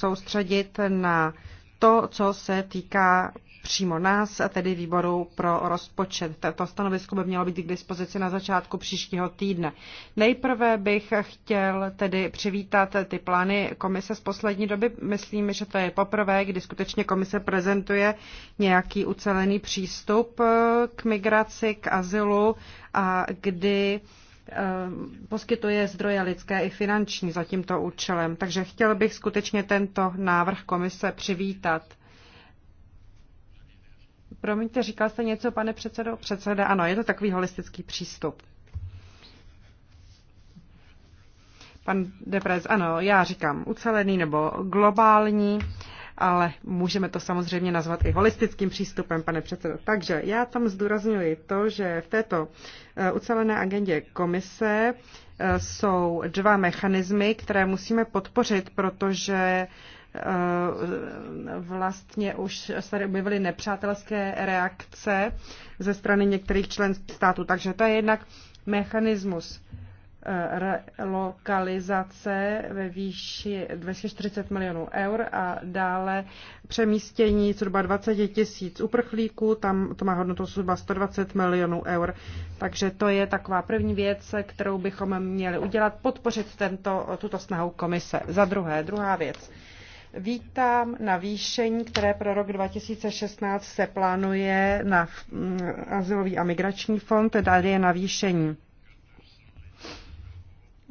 soustředit na to, co se týká přímo nás, a tedy výboru pro rozpočet. Tato stanovisko by mělo být k dispozici na začátku příštího týdne. Nejprve bych chtěl tedy přivítat ty plány komise z poslední doby. Myslím, že to je poprvé, kdy skutečně komise prezentuje nějaký ucelený přístup k migraci, k azylu a kdy Eh, poskytuje zdroje lidské i finanční za tímto účelem. Takže chtěl bych skutečně tento návrh komise přivítat. Promiňte, říkal jste něco, pane předsedo? Předseda, ano, je to takový holistický přístup. Pan Deprez, ano, já říkám ucelený nebo globální. Uh, ale můžeme to samozřejmě nazvat i holistickým přístupem, pane předsedo. Takže já tam zdůrazňuji to, že v této eh, ucelené agendě komise eh, jsou dva mechanismy, které musíme podpořit, protože eh, vlastně už se tady objevily nepřátelské reakce ze strany některých členských států. Takže to je jednak mechanismus relokalizace ve výši 240 milionů eur a dále přemístění zhruba 20 tisíc uprchlíků, tam to má hodnotu zhruba 120 milionů eur. Takže to je taková první věc, kterou bychom měli udělat, podpořit tento, tuto snahu komise. Za druhé, druhá věc. Vítám navýšení, které pro rok 2016 se plánuje na mm, azylový a migrační fond, tedy je navýšení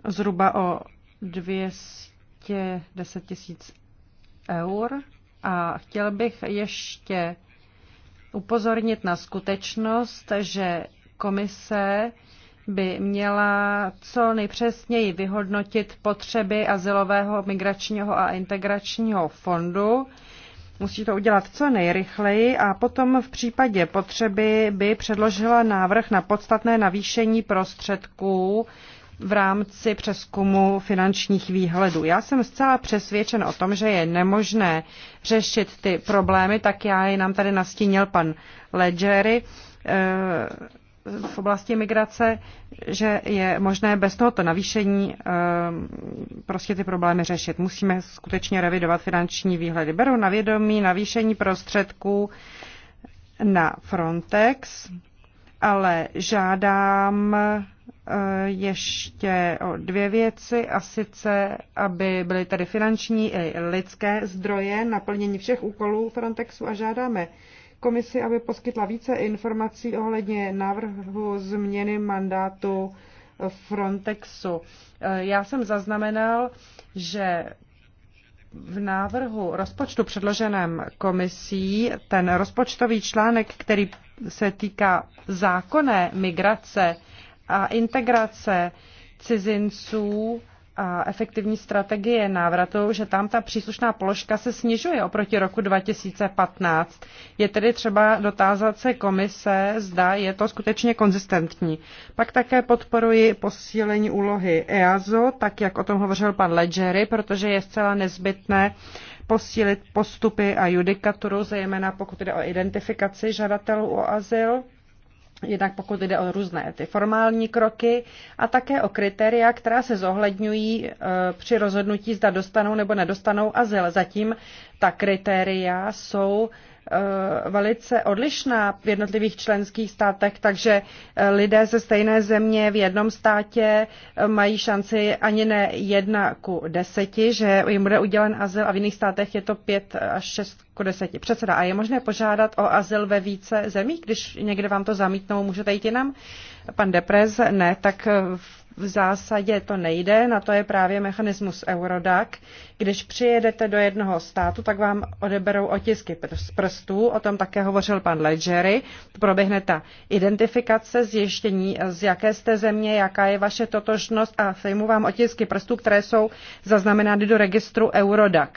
zhruba o 210 tisíc eur. A chtěl bych ještě upozornit na skutečnost, že komise by měla co nejpřesněji vyhodnotit potřeby azylového, migračního a integračního fondu. Musí to udělat co nejrychleji a potom v případě potřeby by předložila návrh na podstatné navýšení prostředků v rámci přeskumu finančních výhledů. Já jsem zcela přesvědčen o tom, že je nemožné řešit ty problémy, tak já je nám tady nastínil pan Ledgery eh, v oblasti migrace, že je možné bez tohoto navýšení eh, prostě ty problémy řešit. Musíme skutečně revidovat finanční výhledy. Beru na vědomí navýšení prostředků na Frontex, ale žádám Eh, ještě o dvě věci, a sice, aby byly tady finanční i lidské zdroje naplnění všech úkolů Frontexu a žádáme komisi, aby poskytla více informací ohledně návrhu změny mandátu Frontexu. Eh, já jsem zaznamenal, že v návrhu rozpočtu předloženém komisí ten rozpočtový článek, který se týká zákonné migrace, a integrace cizinců a efektivní strategie návratu, že tam ta příslušná položka se snižuje oproti roku 2015. Je tedy třeba dotázat se komise, zda je to skutečně konzistentní. Pak také podporuji posílení úlohy EASO, tak jak o tom hovořil pan Ledgery, protože je zcela nezbytné posílit postupy a judikaturu, zejména pokud jde o identifikaci žadatelů o azyl jednak pokud jde o různé ty formální kroky a také o kritéria, která se zohledňují e, při rozhodnutí, zda dostanou nebo nedostanou azyl. Zatím ta kritéria jsou Eh, velice odlišná v jednotlivých členských státech, takže eh, lidé ze stejné země v jednom státě eh, mají šanci ani ne jedna ku deseti, že jim bude udělen azyl a v jiných státech je to pět až šest ku deseti. Předseda, a je možné požádat o azyl ve více zemích, když někde vám to zamítnou, můžete jít jinam? Pan Deprez, ne, tak v v zásadě to nejde, na to je právě mechanismus Eurodac. Když přijedete do jednoho státu, tak vám odeberou otisky z prstů, o tom také hovořil pan Ledgery. Proběhne ta identifikace, zjištění, z jaké jste země, jaká je vaše totožnost a sejmu vám otisky prstů, které jsou zaznamenány do registru Eurodac.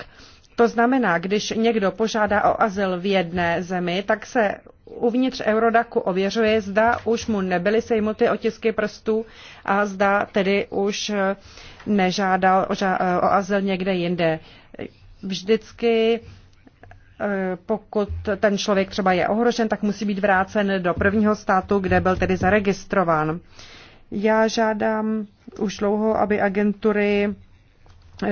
To znamená, když někdo požádá o azyl v jedné zemi, tak se uvnitř Eurodaku ověřuje, zda už mu nebyly sejmuty otisky prstů a zda tedy už eh, nežádal eh, o azyl někde jinde. Vždycky eh, pokud ten člověk třeba je ohrožen, tak musí být vrácen do prvního státu, kde byl tedy zaregistrován. Já žádám už dlouho, aby agentury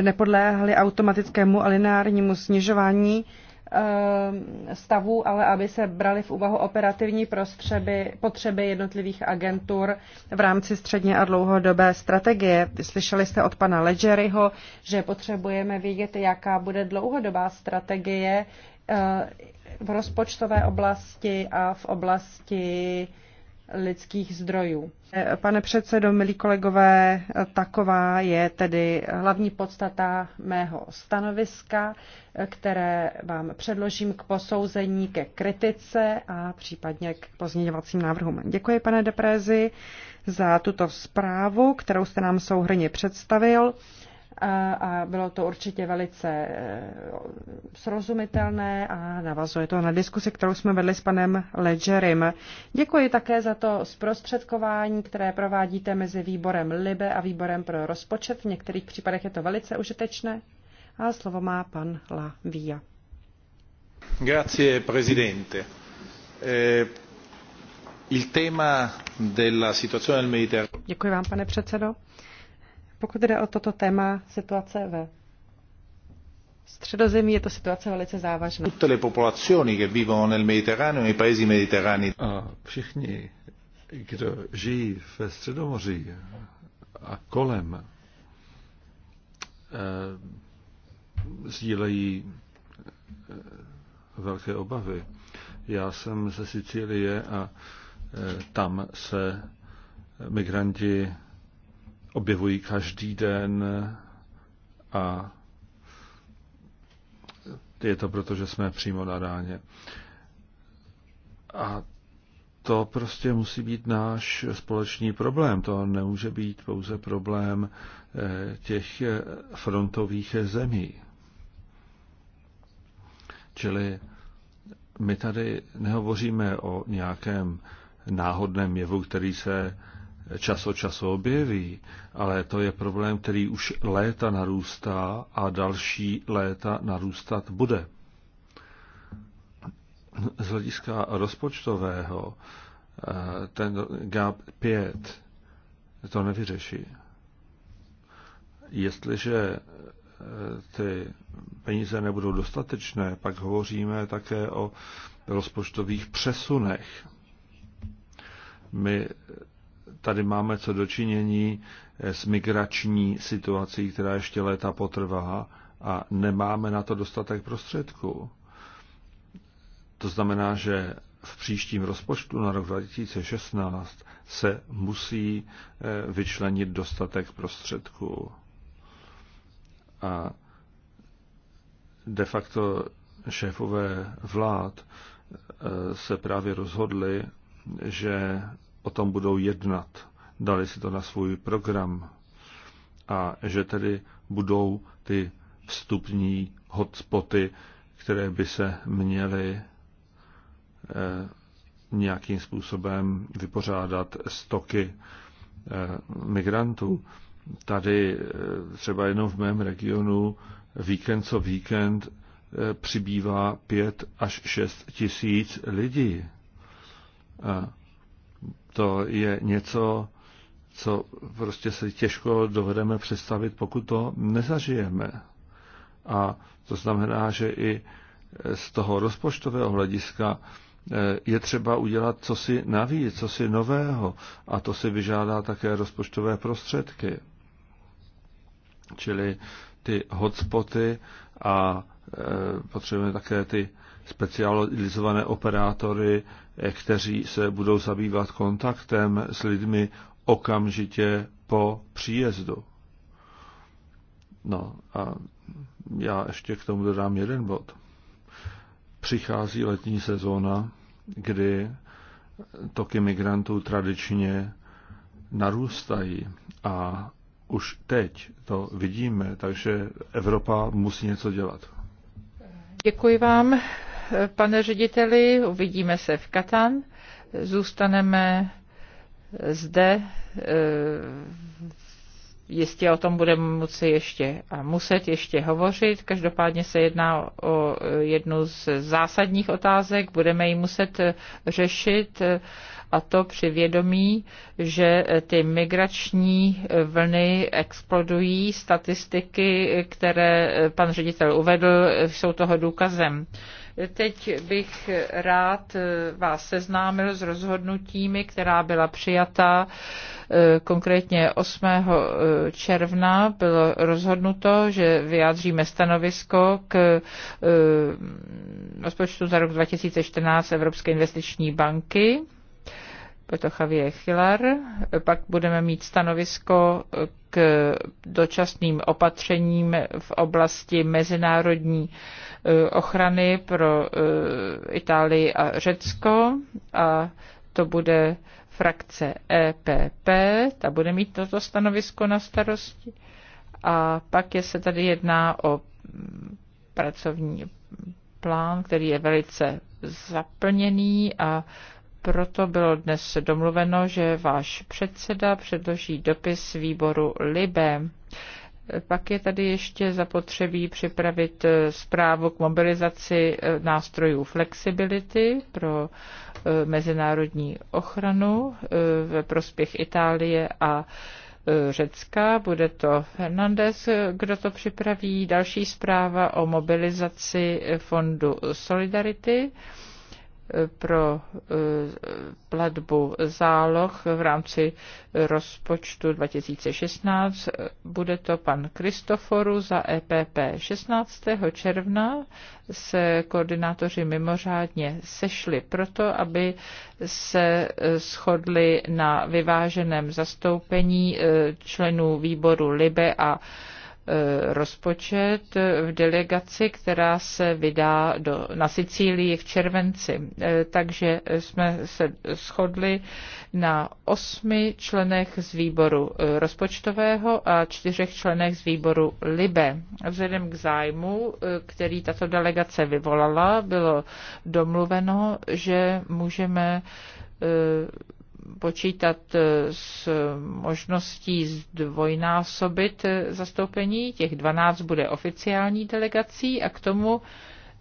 nepodléhaly automatickému alinárnímu snižování Eh, stavu, ale aby se brali v úvahu operativní prostřeby, potřeby jednotlivých agentur v rámci středně a dlouhodobé strategie. Slyšeli jste od pana Ledgeryho, že potřebujeme vědět, jaká bude dlouhodobá strategie eh, v rozpočtové oblasti a v oblasti lidských zdrojů. Eh, pane předsedo, milí kolegové, eh, taková je tedy hlavní podstata mého stanoviska, eh, které vám předložím k posouzení, ke kritice a případně k pozměňovacím návrhům. Děkuji, pane Deprezi, za tuto zprávu, kterou jste nám souhrně představil a bylo to určitě velice e, srozumitelné a navazuje to na diskusi, kterou jsme vedli s panem Ledgerim. Děkuji také za to zprostředkování, které provádíte mezi výborem LIBE a výborem pro rozpočet. V některých případech je to velice užitečné. A slovo má pan La Via. Grazie, presidente. Eh, il tema della situazione del Mediterraneo. Děkuji vám, pane předsedo. Eh, pokud jde o toto téma situace ve středozemí, je to situace velice závažná. Tutte le popolazioni che vivono nel Mediterraneo paesi mediterranei. A všichni, kdo žijí ve Středomoří a kolem, eh, sdílejí eh, velké obavy. Já jsem ze Sicílie a eh, tam se migranti objevují každý den a je to proto, že jsme přímo na ráně. A to prostě musí být náš společný problém. To nemůže být pouze problém eh, těch eh, frontových zemí. Čili my tady nehovoříme o nějakém náhodném jevu, který se čas od času objeví, ale to je problém, který už léta narůstá a další léta narůstat bude. Z hlediska rozpočtového eh, ten GAP 5 to nevyřeší. Jestliže eh, ty peníze nebudou dostatečné, pak hovoříme také o rozpočtových přesunech. My tady máme co dočinění eh, s migrační situací, která ještě léta potrvá a nemáme na to dostatek prostředků. To znamená, že v příštím rozpočtu na rok 2016 se musí eh, vyčlenit dostatek prostředků. A de facto šéfové vlád eh, se právě rozhodli, že o tom budou jednat. Dali si to na svůj program. A že tedy budou ty vstupní hotspoty, které by se měly eh, nějakým způsobem vypořádat stoky eh, migrantů. Tady eh, třeba jenom v mém regionu víkend co víkend přibývá 5 až 6 tisíc lidí to je něco, co prostě se těžko dovedeme představit, pokud to nezažijeme. A to znamená, že i z toho rozpočtového hlediska eh, je třeba udělat cosi navíc, cosi nového. A to si vyžádá také rozpočtové prostředky. Čili ty hotspoty a eh, potřebujeme také ty specializované operátory, eh, kteří se budou zabývat kontaktem s lidmi okamžitě po příjezdu. No a já ještě k tomu dodám jeden bod. Přichází letní sezóna, kdy toky migrantů tradičně narůstají a už teď to vidíme, takže Evropa musí něco dělat. Děkuji vám pane řediteli, uvidíme se v Katan. Zůstaneme zde. Eh, jistě o tom budeme moci ještě a muset ještě hovořit. Každopádně se jedná o jednu z zásadních otázek. Budeme ji muset řešit a to při vědomí, že eh, ty migrační eh, vlny explodují. Statistiky, eh, které pan ředitel uvedl, jsou toho důkazem. Teď bych rád vás seznámil s rozhodnutími, která byla přijata konkrétně 8. června. Bylo rozhodnuto, že vyjádříme stanovisko k rozpočtu za rok 2014 Evropské investiční banky to Javier Chilar. Pak budeme mít stanovisko k dočasným opatřením v oblasti mezinárodní e, ochrany pro e, Itálii a Řecko a to bude frakce EPP, ta bude mít toto stanovisko na starosti. A pak je se tady jedná o pracovní plán, který je velice zaplněný a proto bylo dnes domluveno, že váš předseda předloží dopis výboru Libe. Pak je tady ještě zapotřebí připravit eh, zprávu k mobilizaci eh, nástrojů flexibility pro eh, mezinárodní ochranu ve prospěch Itálie a Řecka. Bude to Hernandez, kdo to připraví. Další zpráva o mobilizaci fondu Solidarity pro e, platbu záloh v rámci rozpočtu 2016. Bude to pan Kristoforu za EPP. 16. června se koordinátoři mimořádně sešli proto, aby se e, shodli na vyváženém zastoupení e, členů výboru LIBE a Eh, rozpočet v delegaci, která se vydá do, na Sicílii v červenci. Eh, takže jsme se shodli na osmi členech z výboru eh, rozpočtového a čtyřech členech z výboru LIBE. Vzhledem k zájmu, který tato delegace vyvolala, bylo domluveno, že můžeme počítat eh, s možností zdvojnásobit eh, zastoupení. Těch 12 bude oficiální delegací a k tomu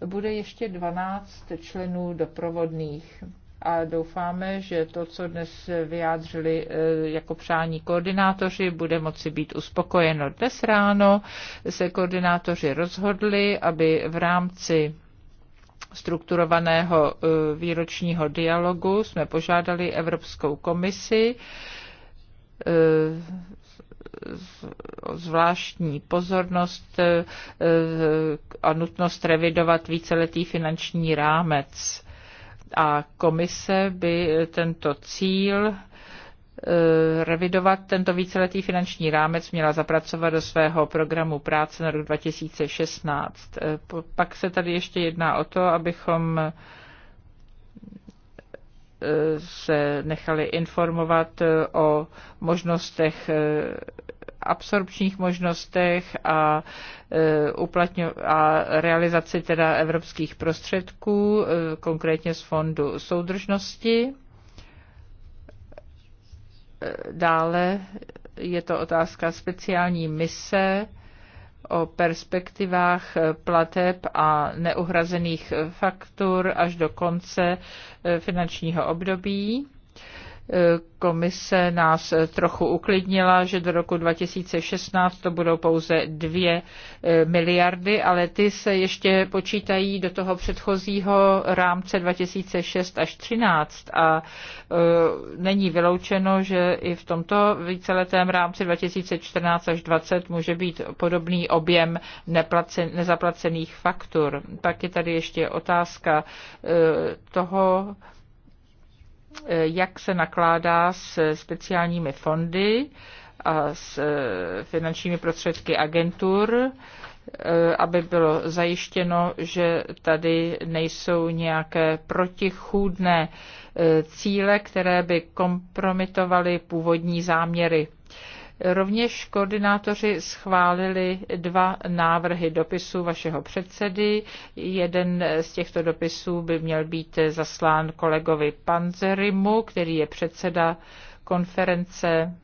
bude ještě 12 členů doprovodných. A doufáme, že to, co dnes vyjádřili eh, jako přání koordinátoři, bude moci být uspokojeno. Dnes ráno se koordinátoři rozhodli, aby v rámci strukturovaného eh, výročního dialogu jsme požádali Evropskou komisi eh, zvláštní pozornost eh, a nutnost revidovat víceletý finanční rámec. A komise by tento cíl Eh, revidovat tento víceletý finanční rámec, měla zapracovat do svého programu práce na rok 2016. Eh, pak se tady ještě jedná o to, abychom eh, se nechali informovat o možnostech, absorpčních možnostech a, uplatňo- a realizaci teda evropských prostředků, konkrétně z Fondu soudržnosti Dále je to otázka speciální mise o perspektivách plateb a neuhrazených faktur až do konce finančního období. Komise nás trochu uklidnila, že do roku 2016 to budou pouze 2 e, miliardy, ale ty se ještě počítají do toho předchozího rámce 2006 až 2013 a e, není vyloučeno, že i v tomto víceletém rámci 2014 až 2020 může být podobný objem nezaplacených faktur. Pak je tady ještě otázka e, toho, Eh, jak se nakládá s speciálními fondy a s eh, finančními prostředky agentur, eh, aby bylo zajištěno, že tady nejsou nějaké protichůdné cíle, které by kompromitovaly původní záměry. Rovněž koordinátoři schválili dva návrhy dopisu vašeho předsedy. Jeden z těchto dopisů by měl být zaslán kolegovi Panzerimu, který je předseda konference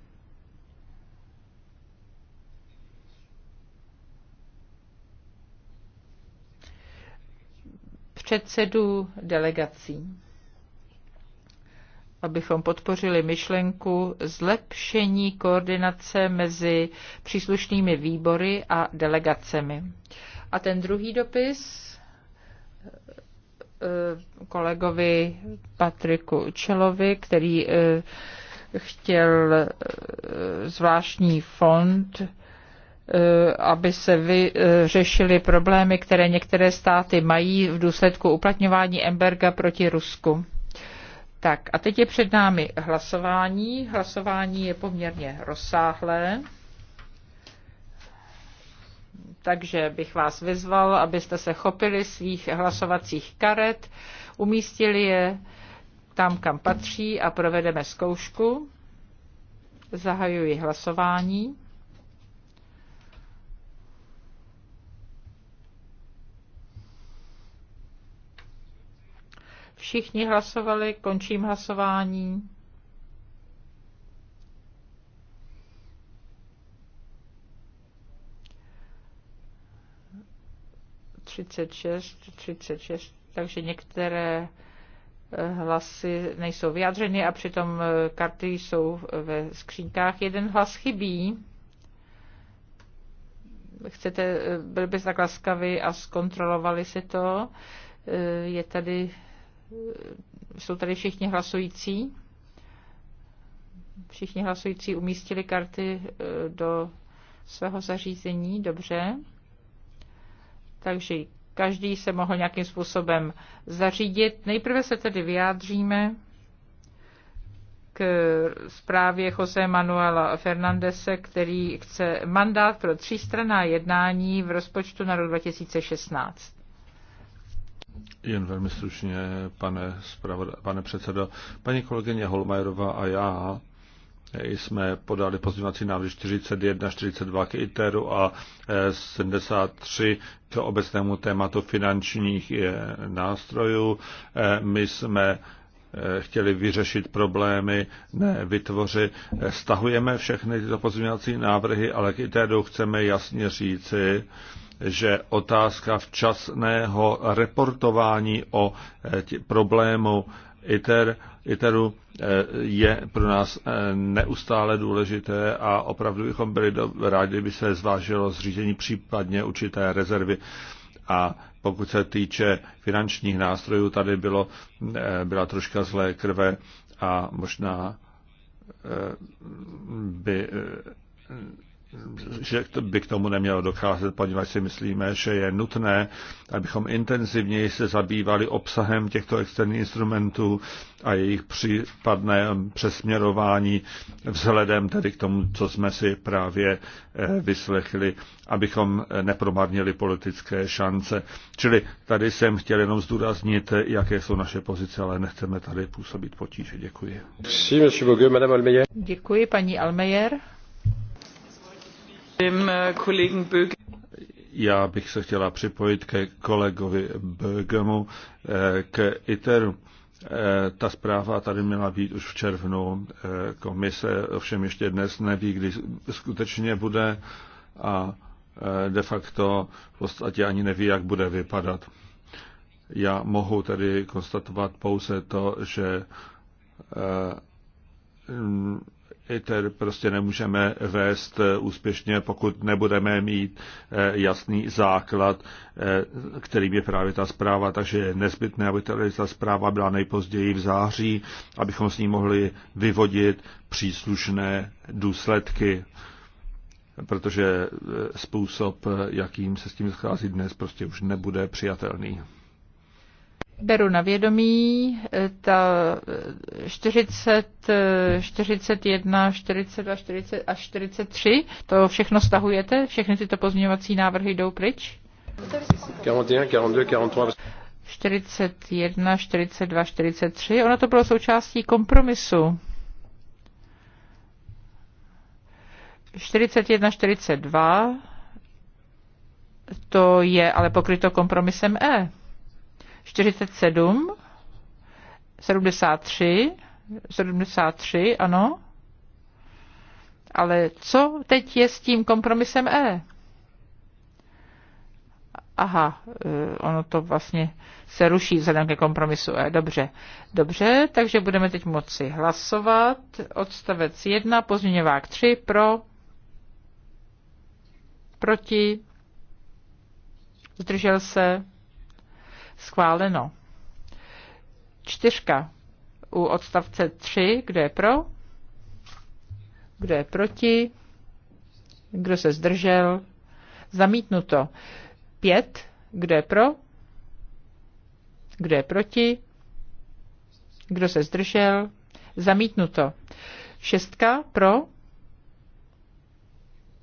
předsedů delegací abychom podpořili myšlenku zlepšení koordinace mezi příslušnými výbory a delegacemi. A ten druhý dopis eh, kolegovi Patriku Čelovi, který eh, chtěl eh, zvláštní fond, aby se vyřešily problémy, které některé státy mají v důsledku uplatňování embarga proti Rusku. Tak a teď je před námi hlasování. Hlasování je poměrně rozsáhlé. Takže bych vás vyzval, abyste se chopili svých hlasovacích karet, umístili je tam, kam patří a provedeme zkoušku. Zahajuji hlasování. Všichni hlasovali, končím hlasování. Třicet šest, třicet šest, takže některé eh, hlasy nejsou vyjádřeny a přitom eh, karty jsou ve skřínkách. Jeden hlas chybí. Chcete, eh, byl byste tak laskavý a zkontrolovali si to. Je tady jsou tady všichni hlasující. Všichni hlasující umístili karty eh, do svého zařízení, dobře. Takže každý se mohl nějakým způsobem zařídit. Nejprve se tedy vyjádříme k zprávě Jose Manuela Fernandese, který chce mandát pro třístranná jednání v rozpočtu na rok 2016. Jen velmi slušně, pane, zpravod... pane předsedo. Paní kolegyně Holmajerová a já jsme podali pozměňovací návrh 41, 42 k ITERu a 73 e, k obecnému tématu finančních e, nástrojů. E, my jsme chtěli vyřešit problémy, ne vytvořit. Stahujeme všechny tyto pozměňovací návrhy, ale k ITERu chceme jasně říci, že otázka včasného reportování o eh, problému ITER, ITERu eh, je pro nás eh, neustále důležité a opravdu bychom byli rádi, kdyby se zvážilo zřízení případně určité rezervy. A pokud se týče finančních nástrojů, tady bylo, byla troška zlé krve a možná by že by k tomu nemělo docházet, poněvadž si myslíme, že je nutné, abychom intenzivněji se zabývali obsahem těchto externích instrumentů a jejich případné přesměrování vzhledem tedy k tomu, co jsme si právě eh, vyslechli, abychom eh, nepromarnili politické šance. Čili tady jsem chtěl jenom zdůraznit, eh, jaké jsou naše pozice, ale nechceme tady působit potíže. Děkuji. Děkuji, paní Almejer. Eh, Já bych se chtěla připojit ke kolegovi Bögemu, eh, k ITERu. Eh, ta zpráva tady měla být už v červnu. Komise ovšem ještě dnes neví, kdy skutečně bude a de facto v podstatě ani neví, jak bude vypadat. Já mohu tedy konstatovat pouze to, že ITER prostě nemůžeme vést eh, úspěšně, pokud nebudeme mít eh, jasný základ, eh, kterým je právě ta zpráva. Takže je nezbytné, aby tady ta zpráva byla nejpozději v září, abychom s ní mohli vyvodit příslušné důsledky protože způsob, jakým se s tím schází dnes, prostě už nebude přijatelný beru na vědomí e, ta 40, 41, 42, 40 a 43. To všechno stahujete? Všechny tyto pozměňovací návrhy jdou pryč? 41, 42, 43. 41, 42, 43. Ono to bylo součástí kompromisu. 41, 42. To je ale pokryto kompromisem E. 47, 73, 73, ano. Ale co teď je s tím kompromisem E? Aha, e, ono to vlastně se ruší vzhledem ke kompromisu E. Dobře, dobře, takže budeme teď moci hlasovat. Odstavec 1, pozměňovák 3, pro, proti, zdržel se, Schváleno. Čtyřka u odstavce 3, kdo je pro, kdo je proti, kdo se zdržel, zamítnuto. Pět, kdo je pro, kdo je proti, kdo se zdržel, zamítnuto. Šestka pro,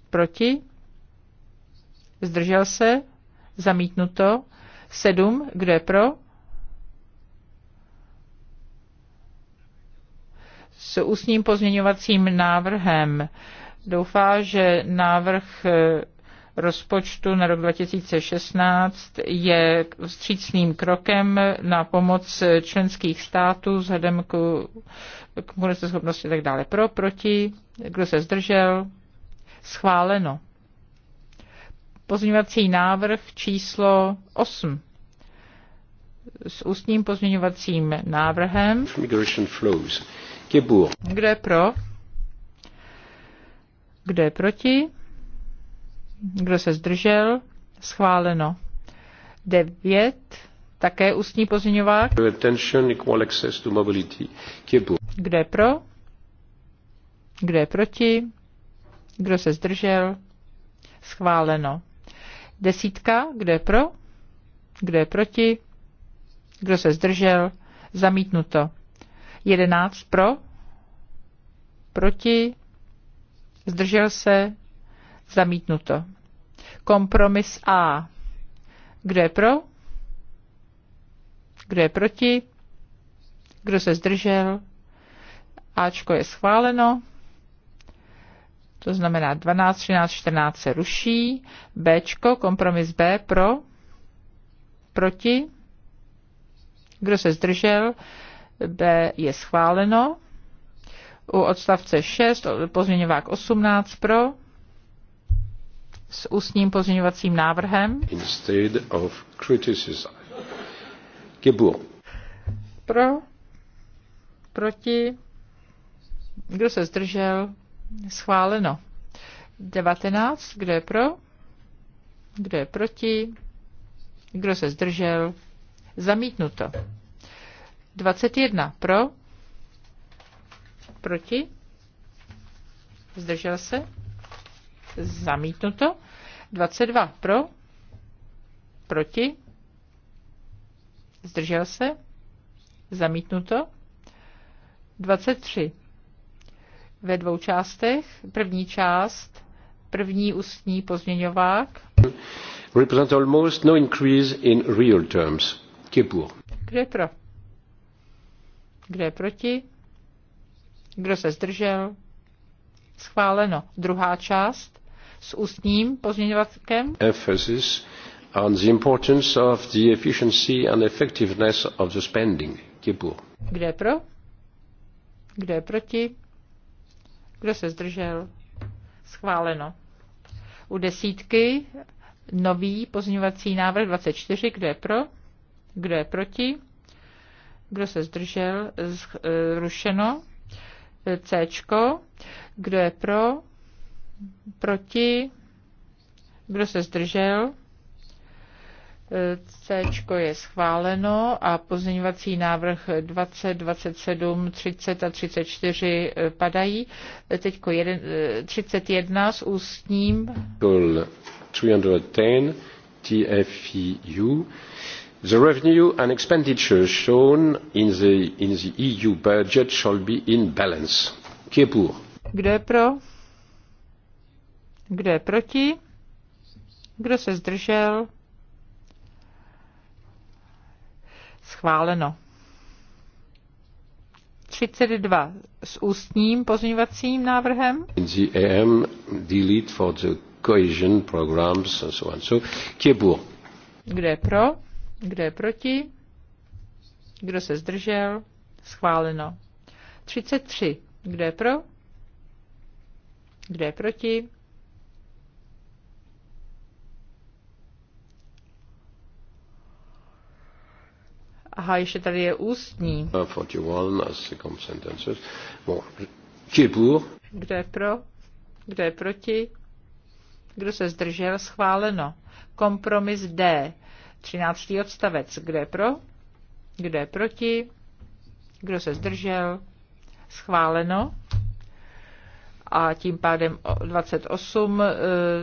proti, zdržel se, zamítnuto. 7, kdo je pro? S ústním pozměňovacím návrhem. Doufá, že návrh eh, rozpočtu na rok 2016 je vstřícným krokem na pomoc členských států vzhledem k, k schopnosti a tak dále. Pro, proti, kdo se zdržel, schváleno pozměňovací návrh číslo 8 s ústním pozměňovacím návrhem. Kdo je pro? Kdo je proti? Kdo se zdržel? Schváleno. 9. Také ústní pozměňovák. Kdo je pro? Kdo je proti? Kdo se zdržel? Schváleno. Desítka, kdo je pro, kdo je proti, kdo se zdržel, zamítnuto. Jedenáct pro, proti, zdržel se, zamítnuto. Kompromis A. Kdo je pro? Kdo je proti? Kdo se zdržel? Ačko je schváleno to znamená 12, 13, 14 se ruší, B, kompromis B pro, proti, kdo se zdržel, B je schváleno. U odstavce 6 pozměňovák 18 pro s ústním pozměňovacím návrhem. Instead of criticism. Gebur. Pro, proti, kdo se zdržel, Schváleno. 19. Kdo je pro? Kdo je proti? Kdo se zdržel? Zamítnuto. 21. Pro? Proti? Zdržel se? Zamítnuto. 22. Pro? Proti? Zdržel se? Zamítnuto. 23 ve dvou částech. První část, první ústní pozměňovák. Represent almost no increase in real terms. Qui Kdo je pro? Kdo je proti? Kdo se zdržel? Schváleno. Druhá část s ústním pozměňovatkem. Emphasis on the importance of the efficiency and effectiveness of the spending. Qui Kdo je pro? Kdo je proti? Kdo se zdržel? Schváleno. U desítky nový pozňovací návrh 24. Kdo je pro? Kdo je proti? Kdo se zdržel? E, rušeno. C. Kdo je pro? Proti? Kdo se zdržel? C je schváleno a pozměňovací návrh 20, 27, 30 a 34 eh, padají. Teď 31 eh, s ústním. 310 TFEU. The revenue and expenditure shown in the, in the EU budget shall be in balance. Qui est pour? Kdo je pro? Kdo je proti? Kdo se zdržel? Schváleno. 32 s ústním pozměňovacím návrhem. The AM delete for the cohesion programs and so on. So, kde je pro? Kde je proti? Kdo se zdržel? Schváleno. 33. Kde je pro? Kde je proti? Aha, ještě tady je ústní. 41 as second sentences. Bon. Qui pour? Kdo je pro? Kdo je proti? Kdo se zdržel? Schváleno. Kompromis D. 13. odstavec. Kdo je pro? Kdo je proti? Kdo se zdržel? Schváleno a tím pádem 28,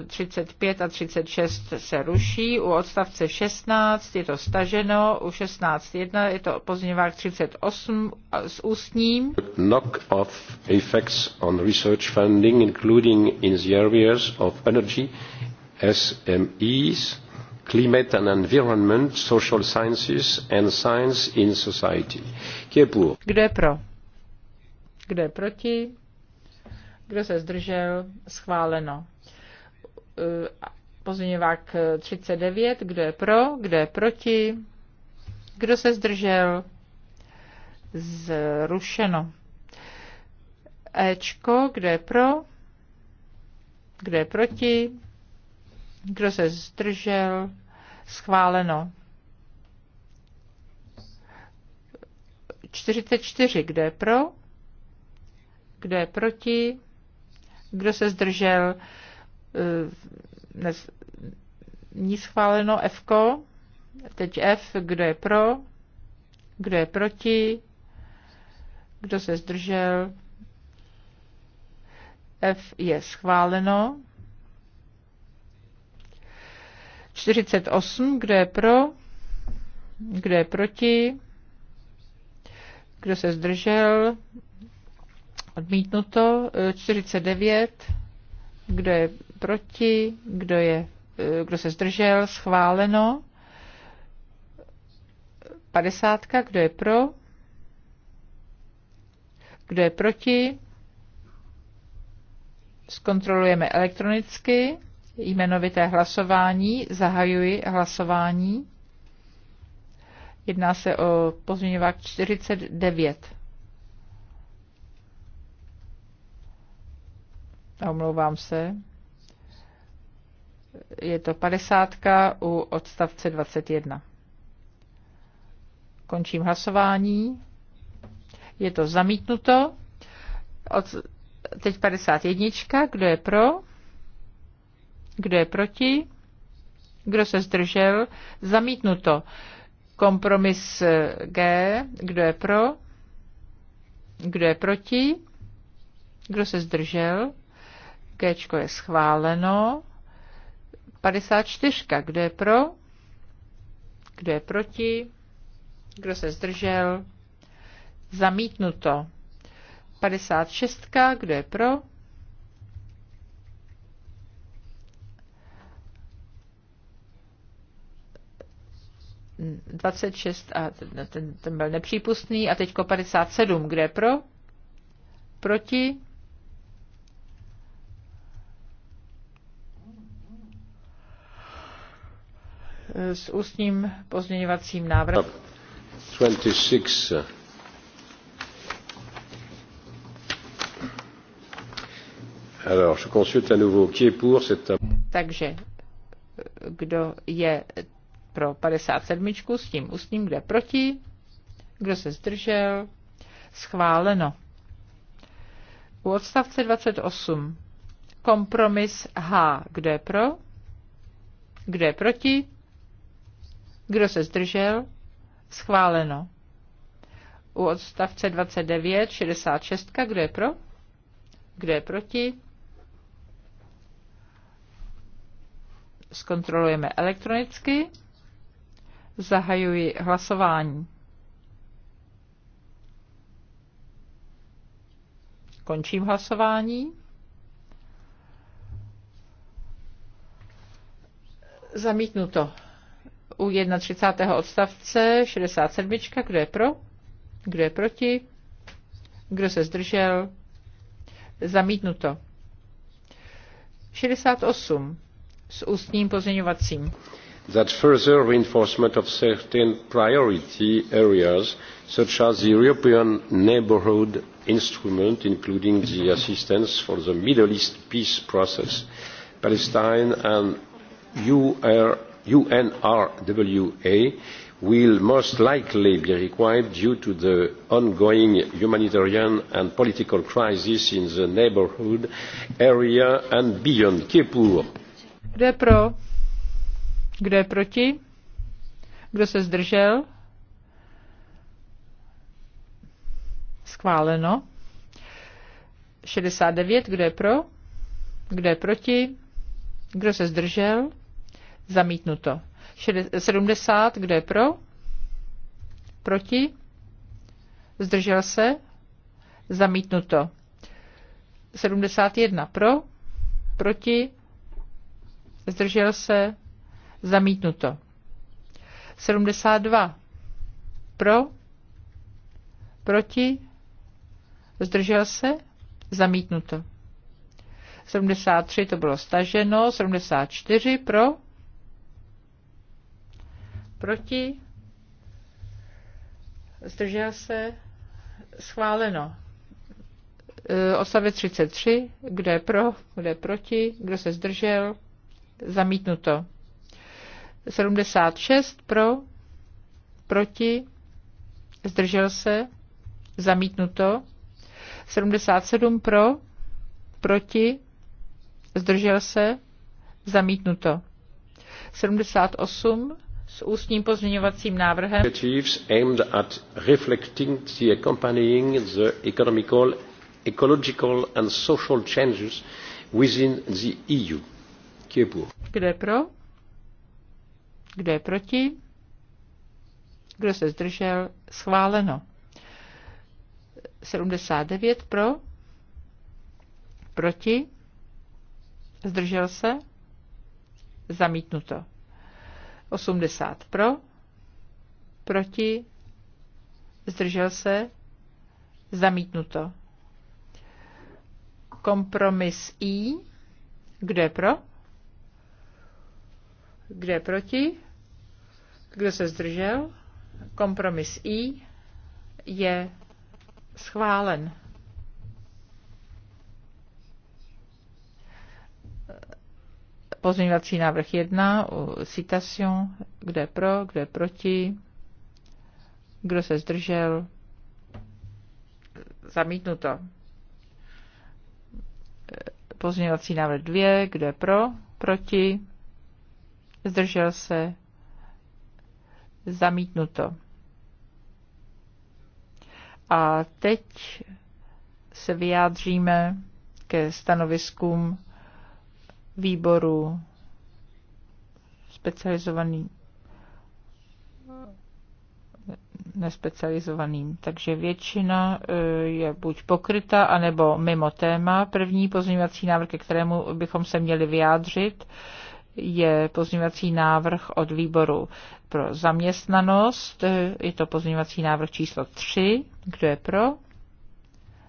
35 eh, a 36 se ruší. U odstavce 16 je to staženo, u 16.1 je to pozměňovák 38 s ústním. Knock off effects on research funding, including in the areas of energy, SMEs, climate and environment, social sciences and science in society. Kdo je pro? Kdo je proti? Kdo se zdržel? Schváleno. E, pozměňovák 39. Kdo je pro? Kdo je proti? Kdo se zdržel? Zrušeno. Ečko, kdo je pro? Kdo je proti? Kdo se zdržel? Schváleno. 44. Kdo je pro? Kdo je proti? Kdo se zdržel? e, ní schváleno F. -ko. Teď F, kdo je pro? Kdo je proti? Kdo se zdržel? F je schváleno. 48, kdo je pro? Kdo je proti? Kdo se zdržel? Odmítnuto 49. Eh, kdo je proti? Kdo, je, eh, kdo se zdržel? Schváleno. 50. Kdo je pro? Kdo je proti? Zkontrolujeme elektronicky jmenovité hlasování. Zahajuji hlasování. Jedná se o pozměňovák 49. omlouvám se, je to 50 u odstavce 21. Končím hlasování. Je to zamítnuto. Od, teď 51. Kdo je pro? Kdo je proti? Kdo se zdržel? Zamítnuto. Kompromis eh, G. Kdo je pro? Kdo je proti? Kdo se zdržel? Gčko je schváleno. 54. Kdo je pro? Kdo je proti? Kdo se zdržel? Zamítnuto. 56. Kdo je pro? a ten, ten byl nepřípustný a teďko 57. Kde pro? Proti? s ústním pozměňovacím návrhem. 26. Alors, je consulte à nouveau qui est pour cette Takže kdo je pro 57 s tím ústním, kde proti, kdo se zdržel, schváleno. U odstavce 28 kompromis H, kdo je pro, kdo je proti, kdo se zdržel? Schváleno. U odstavce 29, 66, kdo je pro? Kdo je proti? Zkontrolujeme elektronicky. Zahajuji hlasování. Končím hlasování. Zamítnuto u 31. odstavce 67. Kdo je pro? Kdo je proti? Kdo se zdržel? Zamítnuto. 68 s ústním pozměňovacím. That further reinforcement of certain priority areas, such as the European Neighbourhood Instrument, including the assistance for the Middle East peace process, Palestine and UR unrwa will most likely be required due to the ongoing humanitarian and political crisis in the neighbourhood area and beyond. Qui est pour? Kdo je pro? Kdo je proti? Kdo se zdržel? Schváleno. 69. Kdo je pro? Kdo je proti? Kdo se zdržel? Zamítnuto. 70, kdo je pro? Proti? Zdržel se? Zamítnuto. 71 pro? Proti? Zdržel se? Zamítnuto. 72 pro? Proti? Zdržel se? Zamítnuto. 73 to bylo staženo, 74 pro, Proti? Zdržel se? Schváleno. E, odstavec 33. Kdo je pro? Kdo je proti? Kdo se zdržel? Zamítnuto. 76 pro, proti, zdržel se, zamítnuto. 77 pro, proti, zdržel se, zamítnuto. 78 ústním pozměňovacím návrhem. Kde ecological and social changes within the EU. Kdo je pro? Kdo je proti? Kdo se zdržel? Schváleno. 79 pro? Proti? Zdržel se? Zamítnuto. 80 pro, proti, zdržel se, zamítnuto. Kompromis I, kdo je pro, kdo je proti, kdo se zdržel, kompromis I je schválen. Pozměňovací návrh 1 citation, kdo kde pro, kde proti, kdo se zdržel, zamítnuto. Pozměňovací návrh 2, kde pro, proti, zdržel se, zamítnuto. A teď se vyjádříme ke stanoviskům výboru specializovaný nespecializovaným. Takže většina e, je buď pokryta, anebo mimo téma. První pozměňovací návrh, ke kterému bychom se měli vyjádřit, je pozměňovací návrh od výboru pro zaměstnanost. E, je to pozměňovací návrh číslo 3. Kdo je pro?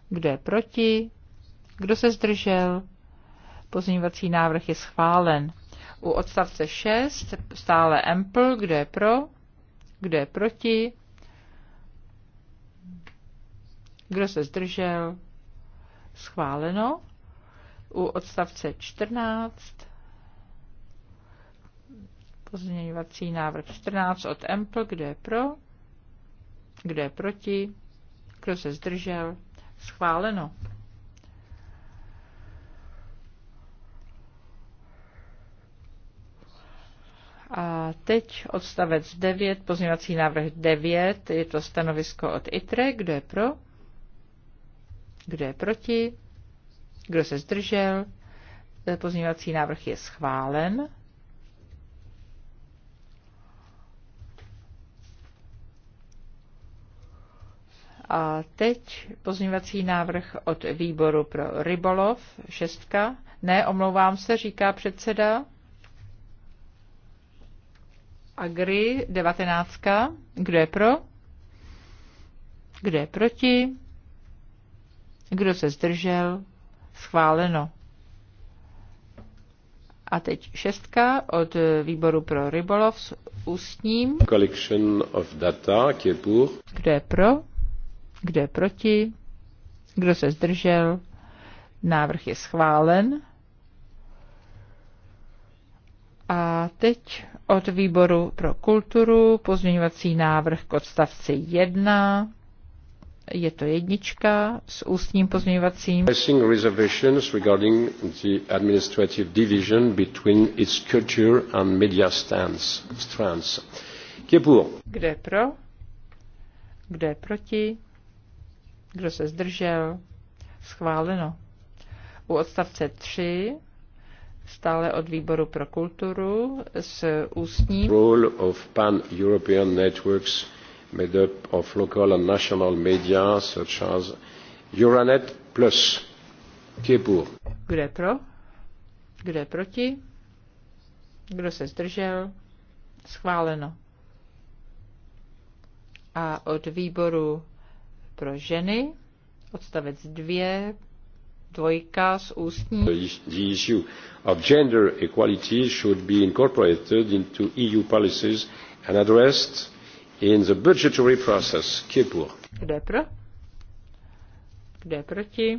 Kdo je proti? Kdo se zdržel? Pozměňovací návrh je schválen. U odstavce 6 stále Ample, kdo je pro, kdo je proti, kdo se zdržel, schváleno. U odstavce 14 pozměňovací návrh 14 od Ample, kdo je pro, kdo je proti, kdo se zdržel, schváleno. A teď odstavec 9, pozměňovací návrh 9, je to stanovisko od ITRE, kdo je pro, kdo je proti, kdo se zdržel, e, pozměňovací návrh je schválen. A teď pozměňovací návrh od výboru pro rybolov, šestka. Ne, omlouvám se, říká předseda. Agri devatenáctka. Kdo je pro? Kdo je proti? Kdo se zdržel? Schváleno. A teď šestka od výboru pro rybolov s ústním. Collection of data, qui est pour. Kdo je pro? Kdo je proti? Kdo se zdržel? Návrh je schválen. A teď od výboru pro kulturu pozměňovací návrh k odstavci 1. Je to jednička s ústním pozměňovacím. reservations regarding the administrative division between its culture and media stands, Kde pro? Kde proti? Kdo se zdržel? Schváleno. U odstavce 3 stále od výboru pro kulturu s ústním. Role of pan-European networks made up of local and national media such as Euronet Plus. Qui est Kdo je pro? Kdo je proti? Kdo se zdržel? Schváleno. A od výboru pro ženy odstavec 2 dvojka z ústní. The issue of gender equality should be incorporated into EU policies and addressed in the budgetary process. Qui Kdo je pro? Kdo je proti?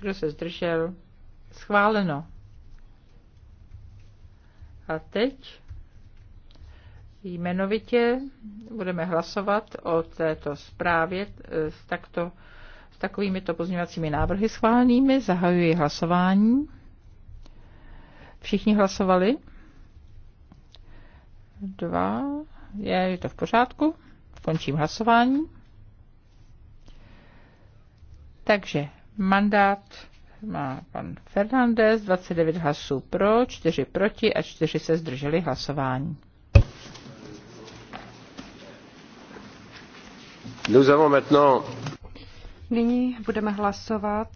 Kdo se zdržel? Schváleno. A teď jmenovitě budeme hlasovat o této zprávě eh, takto takovými to pozměňovacími návrhy schválenými. Zahajuji hlasování. Všichni hlasovali? Dva. Je, je to v pořádku. Končím hlasování. Takže mandát má pan Fernandez, 29 hlasů pro, 4 proti a 4 se zdrželi hlasování. Nous avons maintenant Nyní budeme hlasovat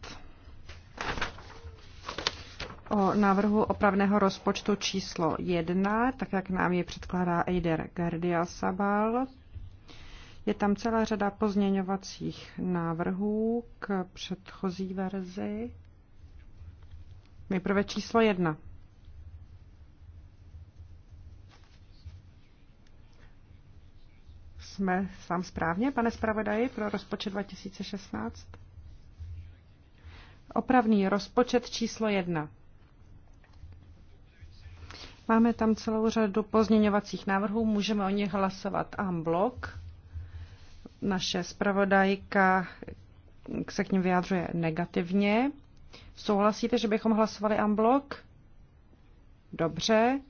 o návrhu opravného rozpočtu číslo 1, tak jak nám je předkládá Eider Gardia Sabal. Je tam celá řada pozměňovacích návrhů k předchozí verzi. Nejprve číslo 1. jsme sám správně, pane zpravodaji, pro rozpočet 2016? Opravný rozpočet číslo jedna. Máme tam celou řadu pozměňovacích návrhů, můžeme o nich hlasovat en blok. Naše zpravodajka se k ním vyjádřuje negativně. Souhlasíte, že bychom hlasovali en blok? Dobře.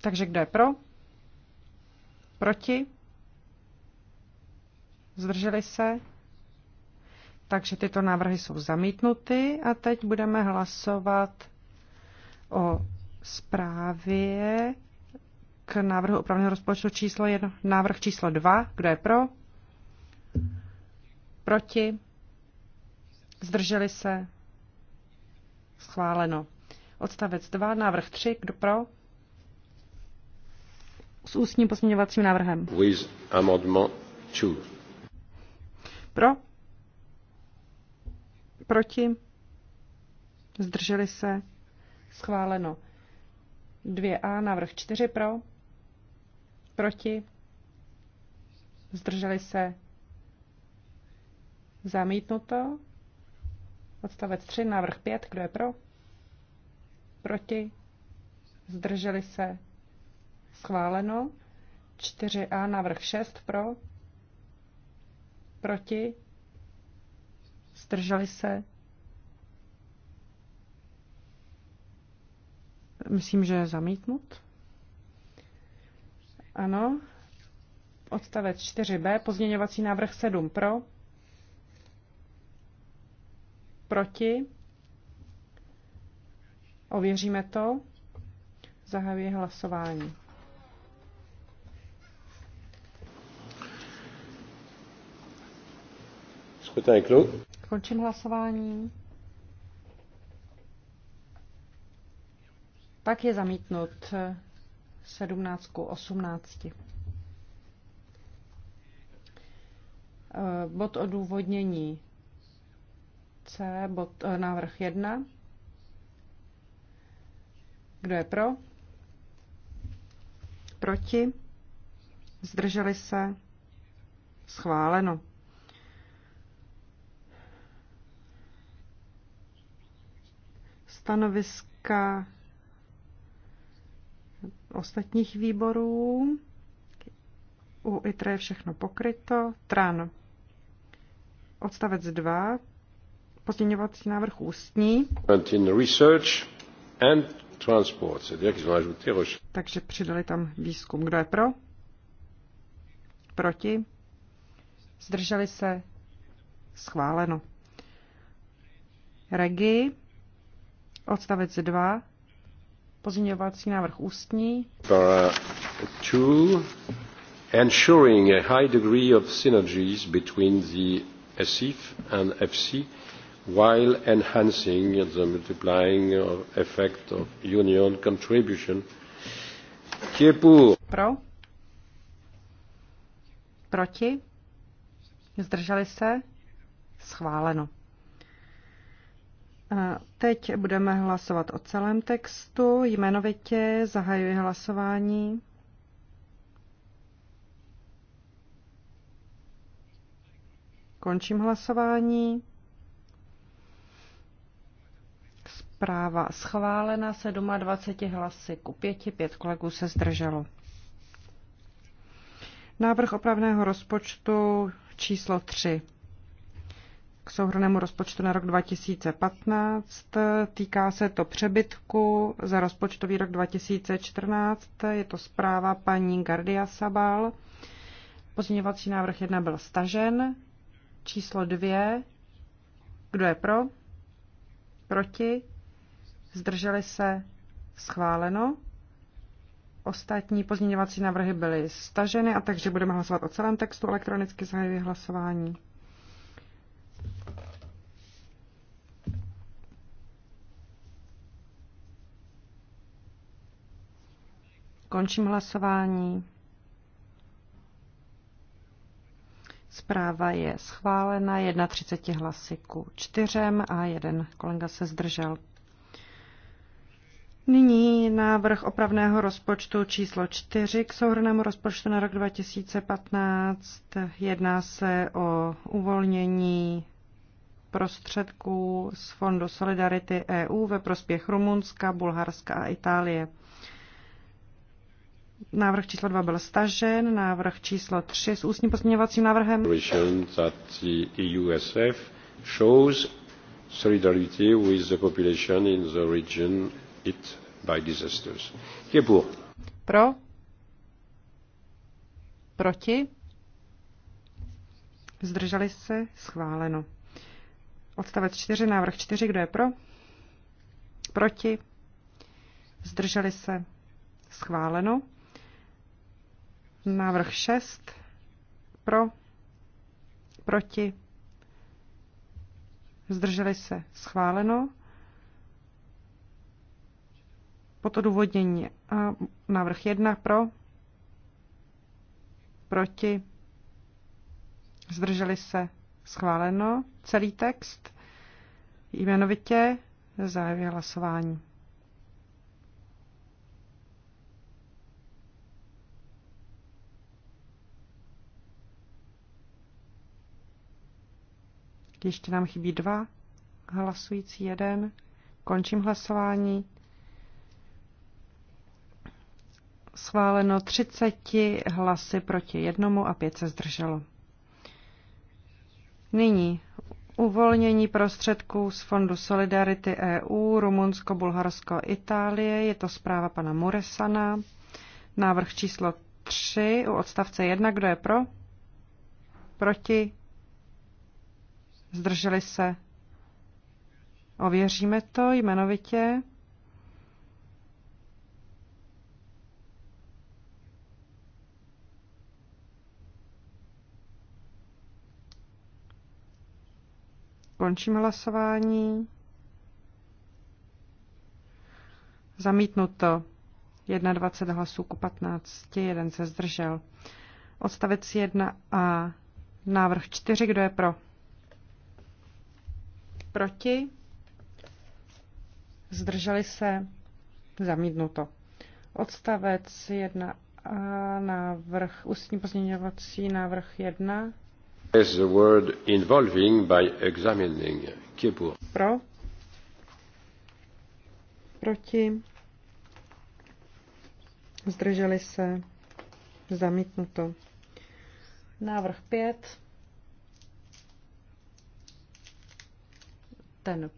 Takže kdo je pro? Proti? Zdrželi se? Takže tyto návrhy jsou zamítnuty a teď budeme hlasovat o zprávě k návrhu opravného rozpočtu číslo 1, návrh číslo 2. Kdo je pro? Proti? Zdrželi se? Schváleno. Odstavec 2, návrh 3. Kdo pro? s ústním pozměňovacím návrhem. With amendment two. Pro? Proti? Zdrželi se? Schváleno. 2a, návrh 4 pro? Proti? Zdrželi se? Zamítnuto. Odstavec 3, návrh 5, kdo je pro? Proti? Zdrželi se? Schváleno. 4A, návrh 6 pro. Proti. Zdrželi se. Myslím, že je zamítnut. Ano. Odstavec 4b, pozměňovací návrh 7 pro. Proti. Ověříme to. Zahajuji hlasování. Scrutin Končím hlasování. Pak je zamítnut 17 k 18. Bod odůvodnění C, bod, eh, návrh 1. Kdo je pro? Proti? Zdrželi se? Schváleno. stanoviska ostatních výborů. U ITRE je všechno pokryto. TRAN. Odstavec 2. Pozměňovací návrh ústní. and transport. Takže přidali tam výzkum. Kdo je pro? Proti? Zdrželi se? Schváleno. Regi Odstavec 2. Pozměňovací návrh ústní. Para 2. Ensuring a high degree of synergies between the SIF and FC while enhancing the multiplying effect of union contribution. Qui est pour? Pro? Proti? Zdrželi se? Schváleno teď budeme hlasovat o celém textu. Jmenovitě zahajuji hlasování. Končím hlasování. Zpráva schválena 27 hlasy ku 5, 5 kolegů se zdrželo. Návrh opravného rozpočtu číslo 3 k souhrnému rozpočtu na rok 2015. Týká se to přebytku za rozpočtový rok 2014. Je to zpráva paní Gardia Sabal. Pozměňovací návrh 1 byl stažen. Číslo 2. Kdo je pro? Proti? Zdrželi se? Schváleno. Ostatní pozměňovací návrhy byly staženy a takže budeme hlasovat o celém textu elektronicky zahajuji hlasování. Končím hlasování. Zpráva je schválena 31 hlasy ku čtyřem a jeden kolega se zdržel. Nyní návrh opravného rozpočtu číslo 4 k souhrnému rozpočtu na rok 2015. Jedná se o uvolnění prostředků z Fondu Solidarity EU ve prospěch Rumunska, Bulharska a Itálie. Návrh číslo 2 byl stažen, návrh číslo 3 s ústním pozměňovacím návrhem. E solidarity with the population in the region hit by disasters. Je pour. Pro? Proti? Zdrželi se? Schváleno. Odstavec 4, návrh 4, kdo je pro? Proti? Zdrželi se? Schváleno. Návrh 6. Pro. Proti. Zdrželi se. Schváleno. Pod odůvodnění A. Návrh 1. Pro. Proti. Zdrželi se. Schváleno. Celý text. Jmenovitě zahájí hlasování. Ještě nám chybí dva hlasující jeden. Končím hlasování. Schváleno 30 hlasy proti jednomu a pět se zdrželo. Nyní uvolnění prostředků z Fondu Solidarity EU, Rumunsko, Bulharsko, Itálie. Je to zpráva pana Muresana. Návrh číslo 3 u odstavce 1. Kdo je pro? Proti? Zdrželi se? Ověříme to jmenovitě. Končím hlasování. Zamítnuto. 21 hlasů ku 15, jeden se zdržel. Odstavec 1 a návrh 4, kdo je pro? Proti? Zdrželi se? Zamítnuto. Odstavec 1 a návrh, ústní pozměňovací návrh 1. As the word involving by examining. Kipur. Pro? Proti? Zdrželi se? Zamítnuto. Návrh 5. ten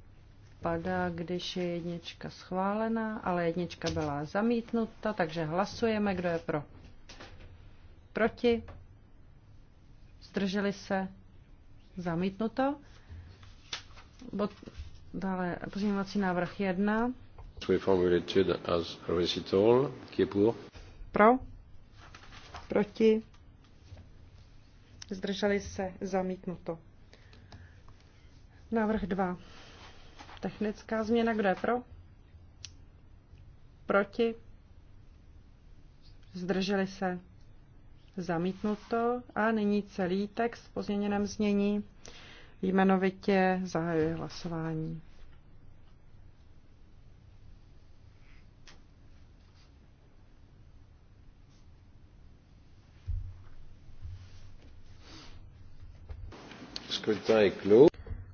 padá, když je jednička schválená, ale jednička byla zamítnuta, takže hlasujeme, kdo je pro. Proti? Zdrželi se? Zamítnuto? Bot dále pozměňovací návrh 1. Pro? Proti? Zdrželi se? Zamítnuto. Návrh 2 technická změna. Kdo je pro? Proti? Zdrželi se? Zamítnuto. A nyní celý text v pozměněném znění. Jmenovitě zahajuje hlasování.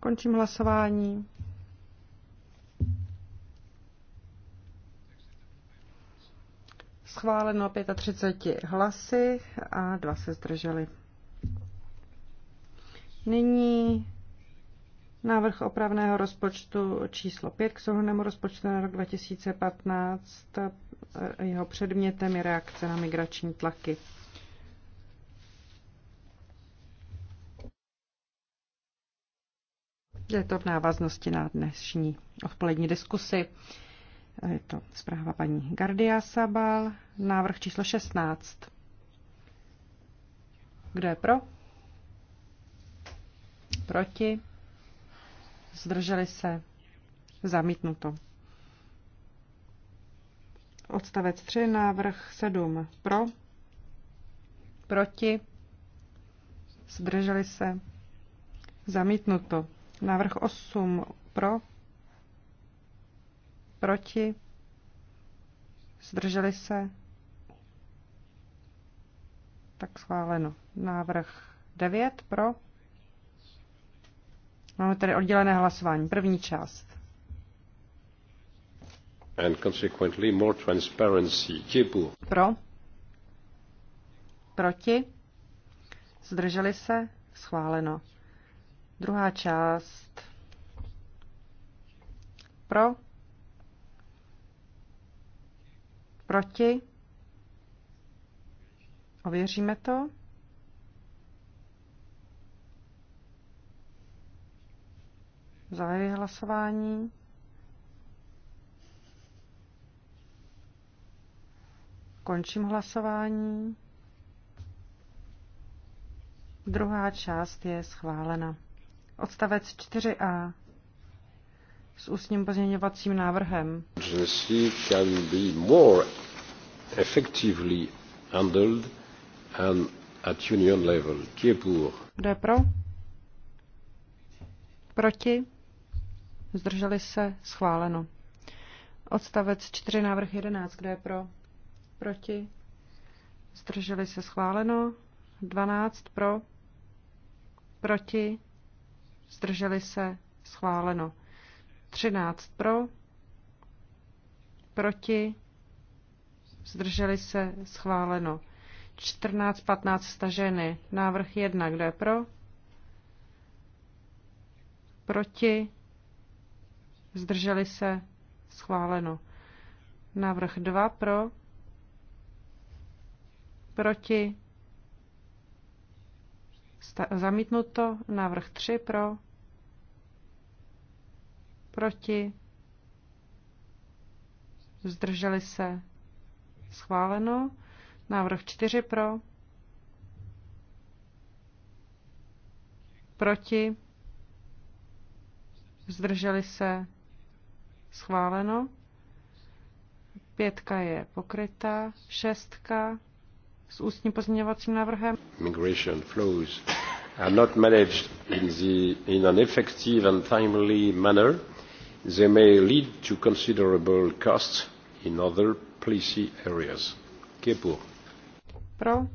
Končím hlasování. schváleno 35 hlasy a dva se zdrželi. Nyní návrh opravného rozpočtu číslo 5 k souhrnému rozpočtu na rok 2015. Jeho předmětem je reakce na migrační tlaky. Je to v návaznosti na dnešní odpolední diskusi. Je to zpráva paní Gardia Sabal, návrh číslo 16. Kdo je pro? Proti? Zdrželi se? Zamítnuto. Odstavec 3, návrh 7. Pro? Proti? Zdrželi se? Zamítnuto. Návrh 8. Pro? Proti? Zdrželi se? Tak schváleno. Návrh 9 pro. Máme tady oddělené hlasování. První část. And consequently more transparency. Pro. Proti. Zdrželi se? Schváleno. Druhá část. Pro. Proti? Ověříme to. Zahajuji hlasování. Končím hlasování. Druhá část je schválena. Odstavec 4a s ústním pozměňovacím návrhem. Kdo je pro? Proti? Zdrželi se? Schváleno. Odstavec 4, návrh 11. Kdo je pro? Proti? Zdrželi se? Schváleno. 12 pro? Proti? Zdrželi se? Schváleno. 13 pro, proti, zdrželi se, schváleno. 14, 15 staženy. Návrh 1, kdo je pro? Proti, zdrželi se, schváleno. Návrh 2 pro, proti, zamítnuto. Návrh 3 pro, proti, zdrželi se, schváleno. Návrh 4 pro, proti, zdrželi se, schváleno. Pětka je pokryta, šestka s ústním pozměňovacím návrhem. Migration flows are not managed in, the, in an effective and timely manner they may lead to considerable costs in other policy areas. Pro?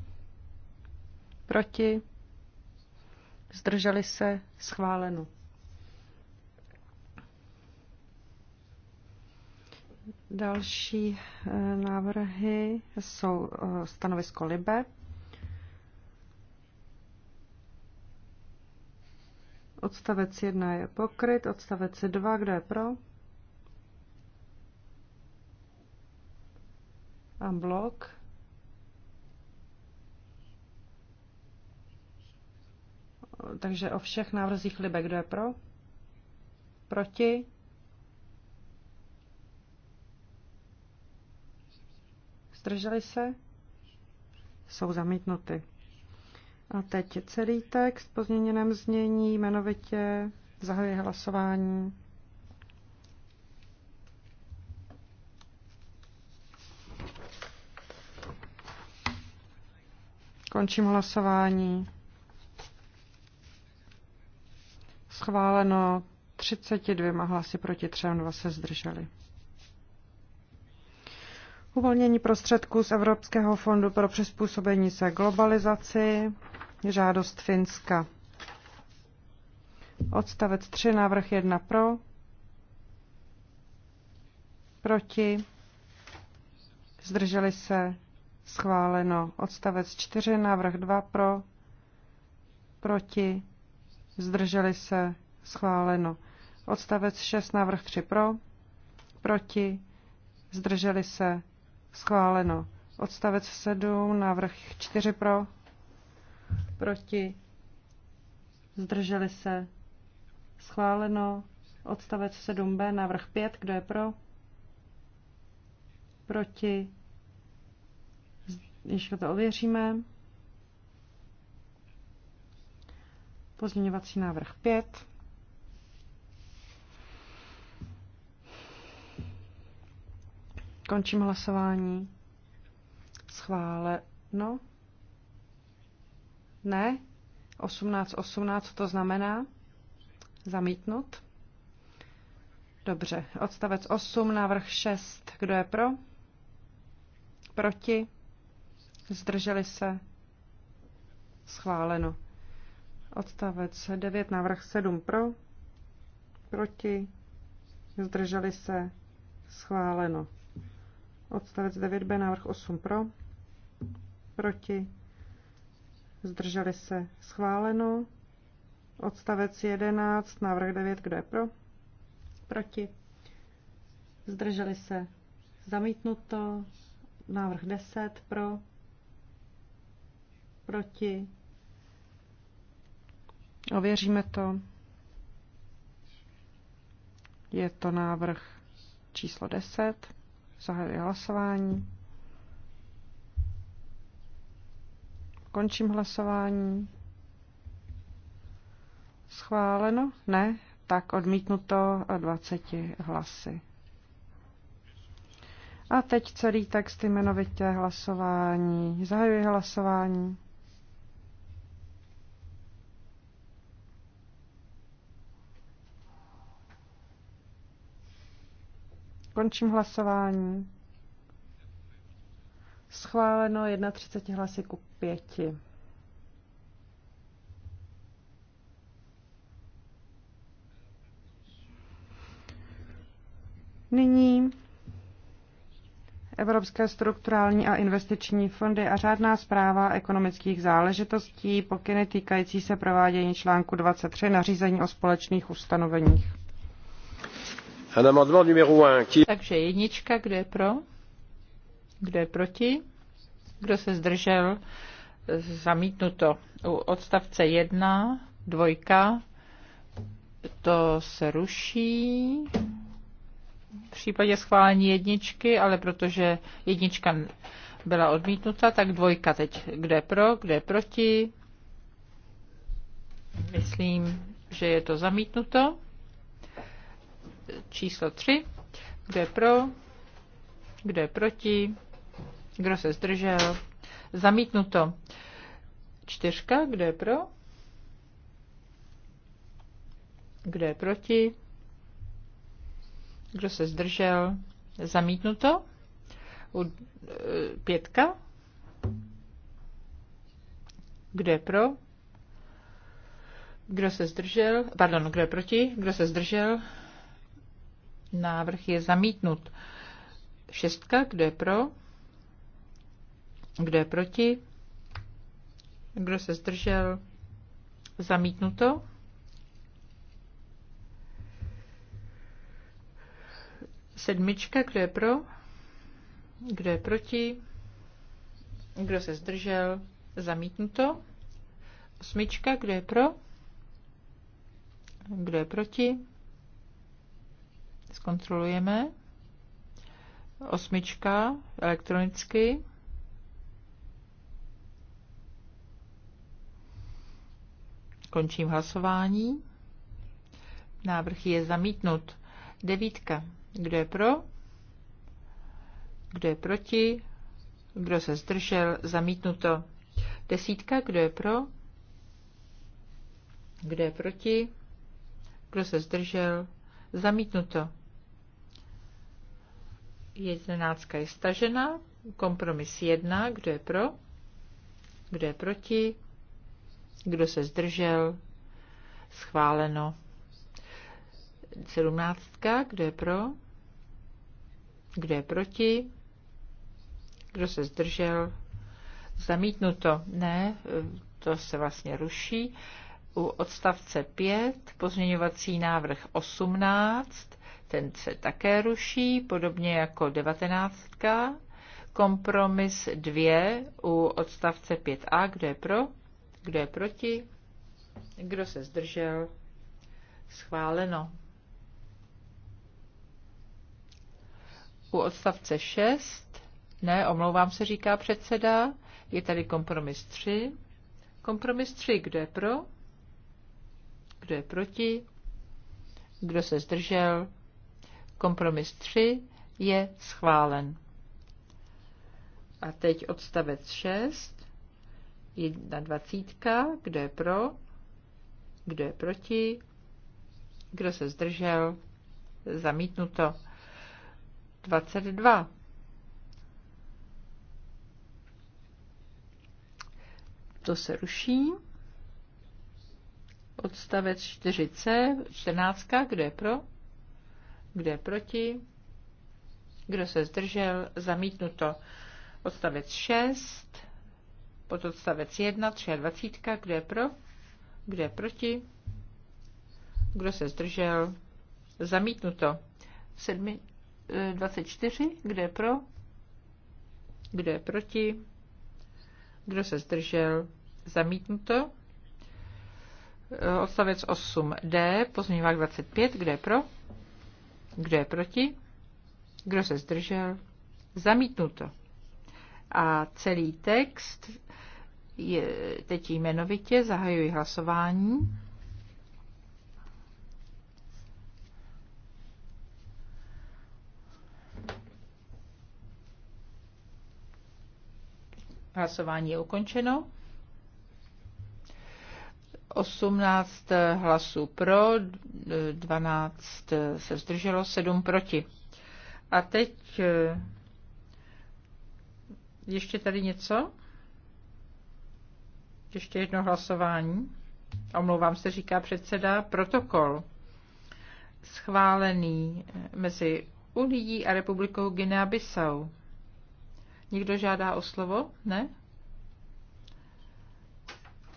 Proti? Zdrželi se? Schváleno. Další eh, návrhy jsou eh, stanovisko Libe. Odstavec 1 je pokryt, odstavec 2, kdo je pro? A blok. Takže o všech návrzích libe, kdo je pro? Proti? Zdrželi se? Jsou zamítnuty. A teď celý text v pozměněném znění, jmenovitě zahajuje hlasování. Končím hlasování. Schváleno 32 hlasy proti 3, dva se zdrželi. Uvolnění prostředků z Evropského fondu pro přizpůsobení se globalizaci žádost Finska. Odstavec 3, návrh 1 pro, proti, zdrželi se, schváleno. Odstavec 4, návrh 2 pro, proti, zdrželi se, schváleno. Odstavec 6, návrh 3 pro, proti, zdrželi se, schváleno. Odstavec 7, návrh 4 pro, proti, zdrželi se, schváleno, odstavec 7b, návrh 5, kdo je pro, proti, ještě to ověříme, pozměňovací návrh 5, Končím hlasování. Schváleno. Ne. 18, 18 to znamená zamítnut. Dobře. Odstavec 8, návrh 6. Kdo je pro? Proti? Zdrželi se? Schváleno. Odstavec 9, návrh 7 pro? Proti? Zdrželi se? Schváleno. Odstavec 9b, návrh 8 pro? Proti? zdrželi se schváleno. Odstavec 11, návrh 9, kdo je pro? Proti. Zdrželi se zamítnuto. Návrh 10 pro. Proti. Ověříme to. Je to návrh číslo 10. Zahajuji hlasování. Končím hlasování. Schváleno? Ne? Tak odmítnuto 20 hlasy. A teď celý text jmenovitě hlasování. Zahajuji hlasování. Končím hlasování. Schváleno 31 hlasy ku 5. Nyní Evropské strukturální a investiční fondy a řádná zpráva ekonomických záležitostí, pokyny týkající se provádění článku 23 nařízení o společných ustanoveních. Takže jednička, kdo je pro? Kdo je proti? Kdo se zdržel? Zamítnuto. U odstavce 1, dvojka, to se ruší v případě schválení jedničky, ale protože jednička byla odmítnuta, tak dvojka teď. Kde je pro, kde je proti? Myslím, že je to zamítnuto. Číslo 3. Kde je pro, kde je proti? Kdo se zdržel? Zamítnuto. Čtyřka, kdo je pro? Kdo je proti? Kdo se zdržel? Zamítnuto. U, e, pětka. Kdo je pro? Kdo se zdržel? Pardon, kdo je proti? Kdo se zdržel? Návrh je zamítnut. Šestka, kdo je pro? Kdo je proti? Kdo se zdržel? Zamítnuto. Sedmička, kdo je pro? Kdo je proti? Kdo se zdržel? Zamítnuto. Osmička, kdo je pro? Kdo je proti? Zkontrolujeme. Osmička elektronicky. Končím hlasování. Návrh je zamítnut. Devítka. Kdo je pro? Kdo je proti? Kdo se zdržel? Zamítnuto. Desítka. Kdo je pro? Kdo je proti? Kdo se zdržel? Zamítnuto. Jedenáctka je stažena. Kompromis jedna. Kdo je pro? Kdo je proti? Kdo se zdržel? Schváleno. Sedmnáctka. Kdo je pro? Kdo je proti? Kdo se zdržel? Zamítnuto. Ne, to se vlastně ruší. U odstavce 5 pozměňovací návrh 18, ten se také ruší, podobně jako 19. Kompromis 2 u odstavce 5a, kdo je pro? Kdo je proti? Kdo se zdržel? Schváleno. U odstavce 6, ne, omlouvám se, říká předseda, je tady kompromis 3. Kompromis 3, kdo je pro? Kdo je proti? Kdo se zdržel? Kompromis 3 je schválen. A teď odstavec 6 jedna dvacítka, Kdo je pro? Kdo je proti? Kdo se zdržel? Zamítnuto. 22. To se ruší. Odstavec 4c, 14. Kdo je pro? Kdo je proti? Kdo se zdržel? Zamítnuto. Odstavec 6 pod odstavec 1, 23, kdo je pro, kdo je proti, kdo se zdržel, zamítnuto. 7, 24, eh, kdo je pro, kdo je proti, kdo se zdržel, zamítnuto. Eh, odstavec 8d, pozměňovák 25, kdo je pro, kdo je proti, kdo se zdržel, zamítnuto. A celý text je, teď jmenovitě zahajuji hlasování. Hlasování je ukončeno. 18 hlasů pro, 12 se zdrželo, 7 proti. A teď eh, ještě tady něco? Ještě jedno hlasování. Omlouvám se, říká předseda. Protokol schválený eh, mezi Unií a Republikou Guinea-Bissau. Nikdo žádá o slovo? Ne?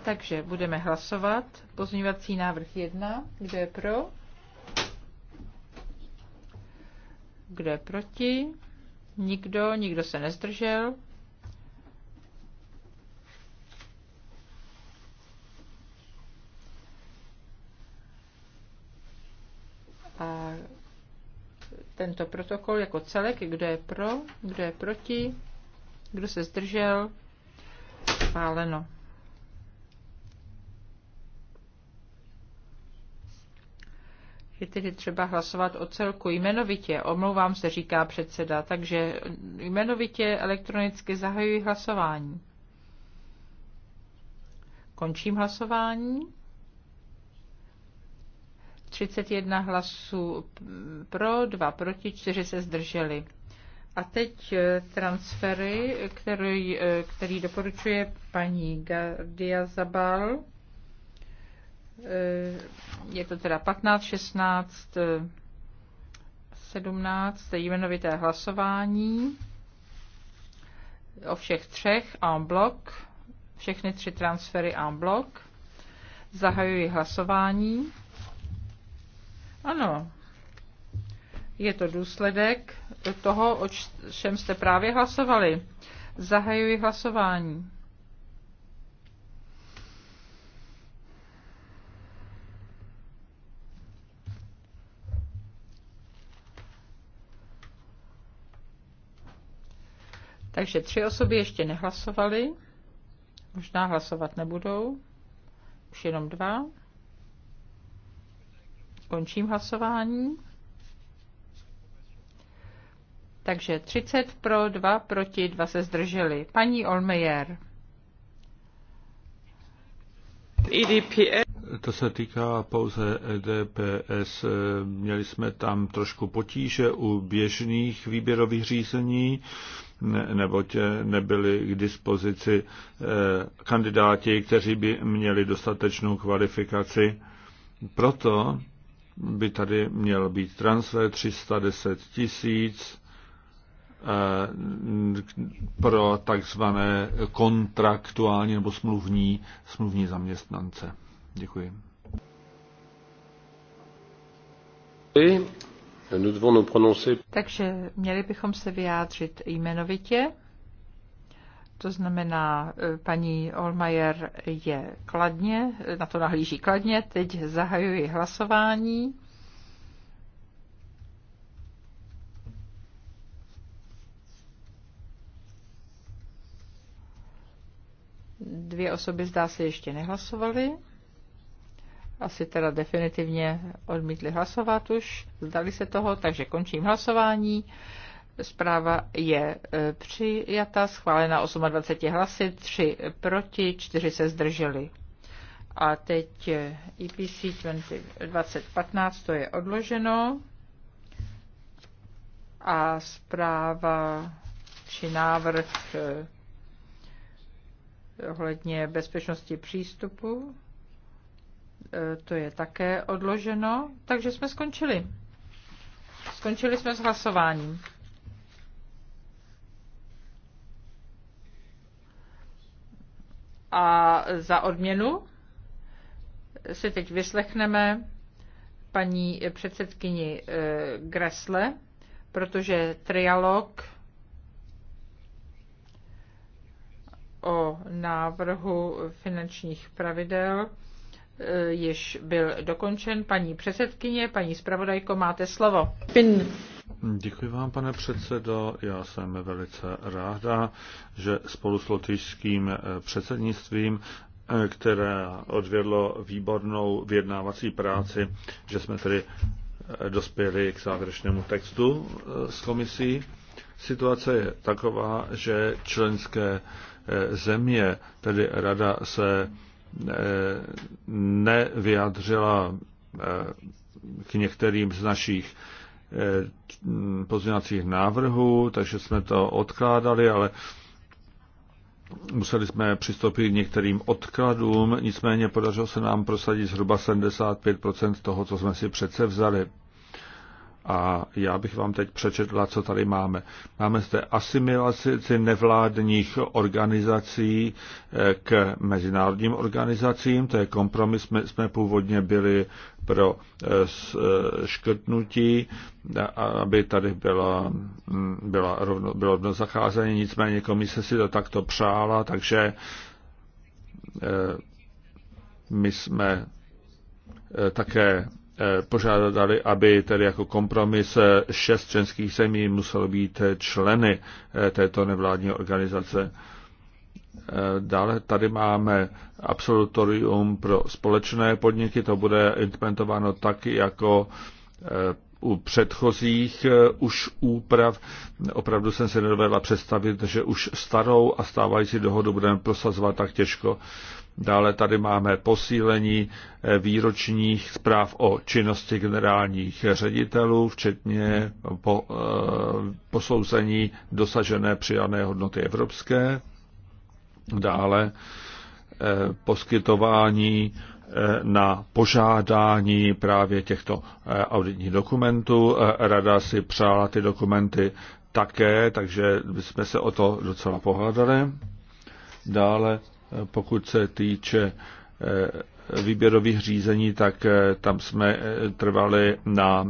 Takže budeme hlasovat. Pozměňovací návrh 1. Kdo je pro? Kdo je proti? Nikdo, nikdo se nezdržel. A tento protokol jako celek, kdo je pro, kdo je proti, kdo se zdržel, schváleno. Je tedy třeba hlasovat o celku jmenovitě. Omlouvám se, říká předseda, takže jmenovitě elektronicky zahajuji hlasování. Končím hlasování. 31 hlasů pro, 2 proti, 4 se zdrželi. A teď eh, transfery, který, eh, který doporučuje paní Gardia Zabal. Eh, je to teda 15, 16, 17, jmenovité hlasování o všech třech en blok, všechny tři transfery en blok Zahajuji hlasování. Ano, je to důsledek toho, o čem jste právě hlasovali. Zahajuji hlasování. Takže tři osoby ještě nehlasovaly, možná hlasovat nebudou, už jenom dva. Končím hlasování. Takže 30 pro, 2 proti, 2 se zdrželi. Paní Olmejer. E to se týká pouze EDPS. Měli jsme tam trošku potíže u běžných výběrových řízení, neboť nebyli k dispozici e, kandidáti, kteří by měli dostatečnou kvalifikaci. Proto by tady měl být transfer 310 tisíc eh, pro takzvané kontraktuální nebo smluvní, smluvní zaměstnance. Děkuji. Takže měli bychom se vyjádřit jmenovitě. To znamená, e, paní Olmajer je kladně, na to nahlíží kladně. Teď zahajuji hlasování. Dvě osoby zdá se ještě nehlasovaly. Asi teda definitivně odmítli hlasovat už, zdali se toho, takže končím hlasování. Zpráva je e, přijata, schválena 28 hlasy, 3 proti, 4 se zdrželi. A teď IPC e, e 2015, to je odloženo. A zpráva či návrh ohledně bezpečnosti přístupu, to je také odloženo. Takže jsme skončili. Skončili jsme s hlasováním. A za odměnu si teď vyslechneme paní předsedkyni eh, Gresle, protože trialog o návrhu finančních pravidel eh, již byl dokončen. Paní předsedkyně, paní zpravodajko, máte slovo. Pin. Děkuji vám, pane předsedo. Já jsem velice ráda, že spolu s lotyšským eh, předsednictvím eh, které odvedlo výbornou vyjednávací práci, že jsme tedy eh, dospěli k závěrečnému textu s komisí. Situace je taková, že členské země, tedy rada, se nevyjádřila k některým z našich Eh, pozměňovacích návrhů, takže jsme to odkládali, ale museli jsme přistoupit k některým odkladům, nicméně podařilo se nám prosadit zhruba 75% toho, co jsme si přece vzali a já bych vám teď přečetla, co tady máme. Máme zde asimilaci nevládních organizací eh, k mezinárodním organizacím, to je kompromis, jsme, jsme původně byli pro eh, eh, škrtnutí, aby tady byla, mm, byla rovno, bylo rovno zacházení, nicméně komise si to takto přála, takže my jsme také Eh, požádali, aby tedy jako kompromis šest členských zemí muselo být členy eh, této nevládní organizace. Eh, dále tady máme absolutorium pro společné podniky, to bude implementováno tak, jako u předchozích už úprav. Opravdu jsem si nedovedla představit, že už starou a stávající dohodu budeme prosazovat tak těžko. Dále tady máme posílení eh, výročních zpráv o činnosti generálních ředitelů, včetně po, eh, posouzení dosažené přijané hodnoty evropské. Dále eh, poskytování na požádání právě těchto auditních dokumentů. Rada si přála ty dokumenty také, takže jsme se o to docela pohádali. Dále pokud se týče eh, výběrových řízení, tak eh, tam jsme eh, trvali na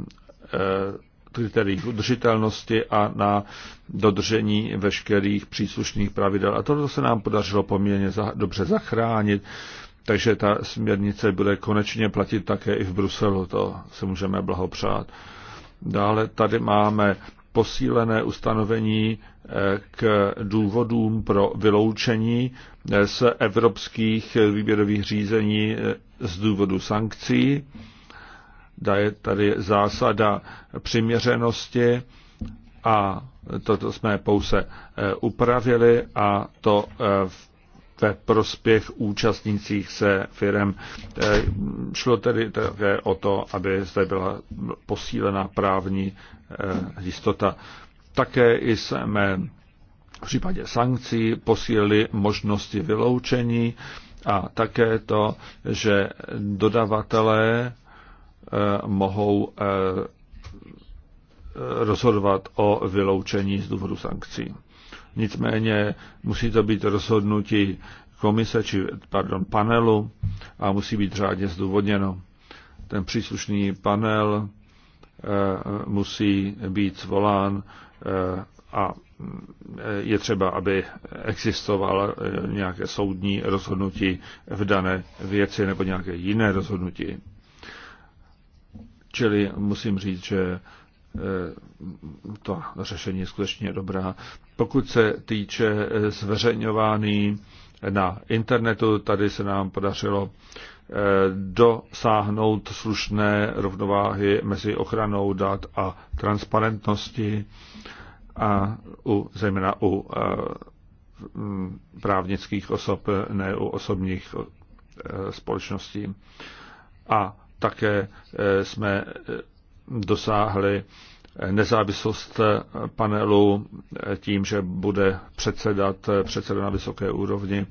kritériích udržitelnosti a na dodržení veškerých příslušných pravidel. A to se nám podařilo poměrně dobře zachránit, takže ta směrnice bude konečně platit také i v Bruselu, to se můžeme blahopřát. Dále tady máme posílené ustanovení eh, k důvodům pro vyloučení eh, z evropských eh, výběrových řízení z důvodu sankcí. Tady je tady zásada přiměřenosti a toto jsme pouze upravili a to ve prospěch účastnících se firm. Šlo tedy také o to, aby zde byla posílena právní Eh, jistota. Také jsme v případě sankcí posílili možnosti vyloučení a také to, že dodavatelé eh, mohou eh, rozhodovat o vyloučení z důvodu sankcí. Nicméně musí to být rozhodnutí komise, či pardon, panelu a musí být řádně zdůvodněno. Ten příslušný panel Eh, musí být zvolán eh, a eh, je třeba, aby existoval nějaké soudní rozhodnutí v dané věci nebo nějaké jiné rozhodnutí. Čili musím říct, že to řešení je skutečně dobrá. Pokud se týče zveřejňování na internetu. Tady se nám podařilo eh, dosáhnout slušné rovnováhy mezi ochranou dat a transparentnosti a u, zejména u eh, právnických osob, ne u osobních eh, společností. A také jsme dosáhli nezávislost panelu tím, že bude předsedat předseda na vysoké úrovni,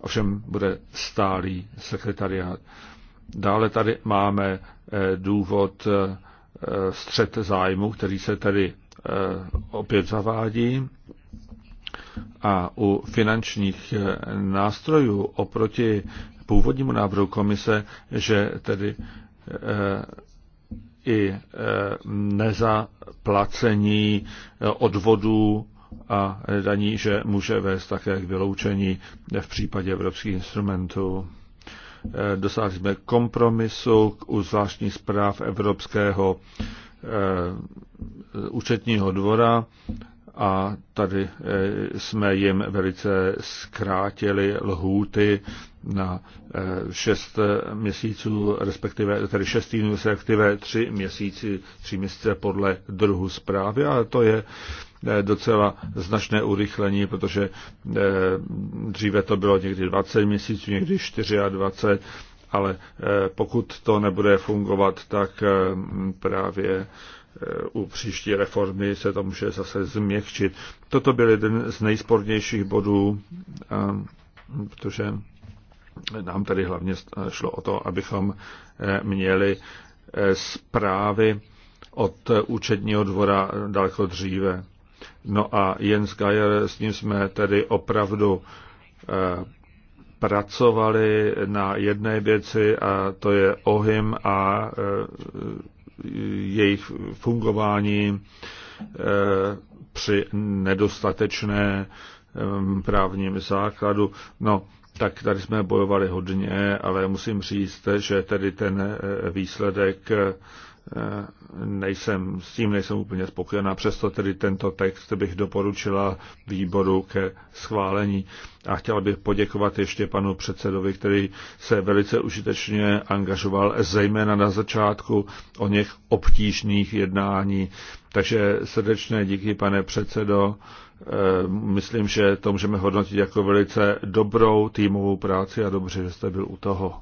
ovšem bude stálý sekretariát. Dále tady máme eh, důvod eh, střet zájmu, který se tedy eh, opět zavádí. A u finančních nástrojů oproti původnímu návrhu komise, že tedy i e, nezaplacení e, odvodů a daní, že může vést také k vyloučení v případě evropských instrumentů. E, dosáhli jsme kompromisu u zvláštních zpráv Evropského účetního dvora a tady eh, jsme jim velice zkrátili lhůty na 6 eh, měsíců, respektive tedy 6 týdnů, respektive 3 měsíci, 3 měsíce podle druhu zprávy, ale to je eh, docela značné urychlení, protože dříve to bylo někdy 20 měsíců, někdy 24, ale pokud to nebude fungovat, tak právě u příští reformy se to může zase změkčit. Toto byl jeden z nejspornějších bodů, protože nám tady hlavně šlo o to, abychom eh, měli eh, zprávy od účetního dvora daleko dříve. No a Jens Geier, s ním jsme tedy opravdu eh, pracovali na jedné věci a to je ohym a jejich fungování eh, při nedostatečné eh, právním základu. No, tak tady jsme bojovali hodně, ale musím říct, že tedy ten eh, výsledek nejsem, s tím nejsem úplně spokojená, přesto tedy tento text bych doporučila výboru ke schválení. A chtěla bych poděkovat ještě panu předsedovi, který se velice užitečně angažoval, zejména na začátku o něch obtížných jednání. Takže srdečné díky, pane předsedo. Eh, myslím, že to můžeme hodnotit jako velice dobrou týmovou práci a dobře, že jste byl u toho.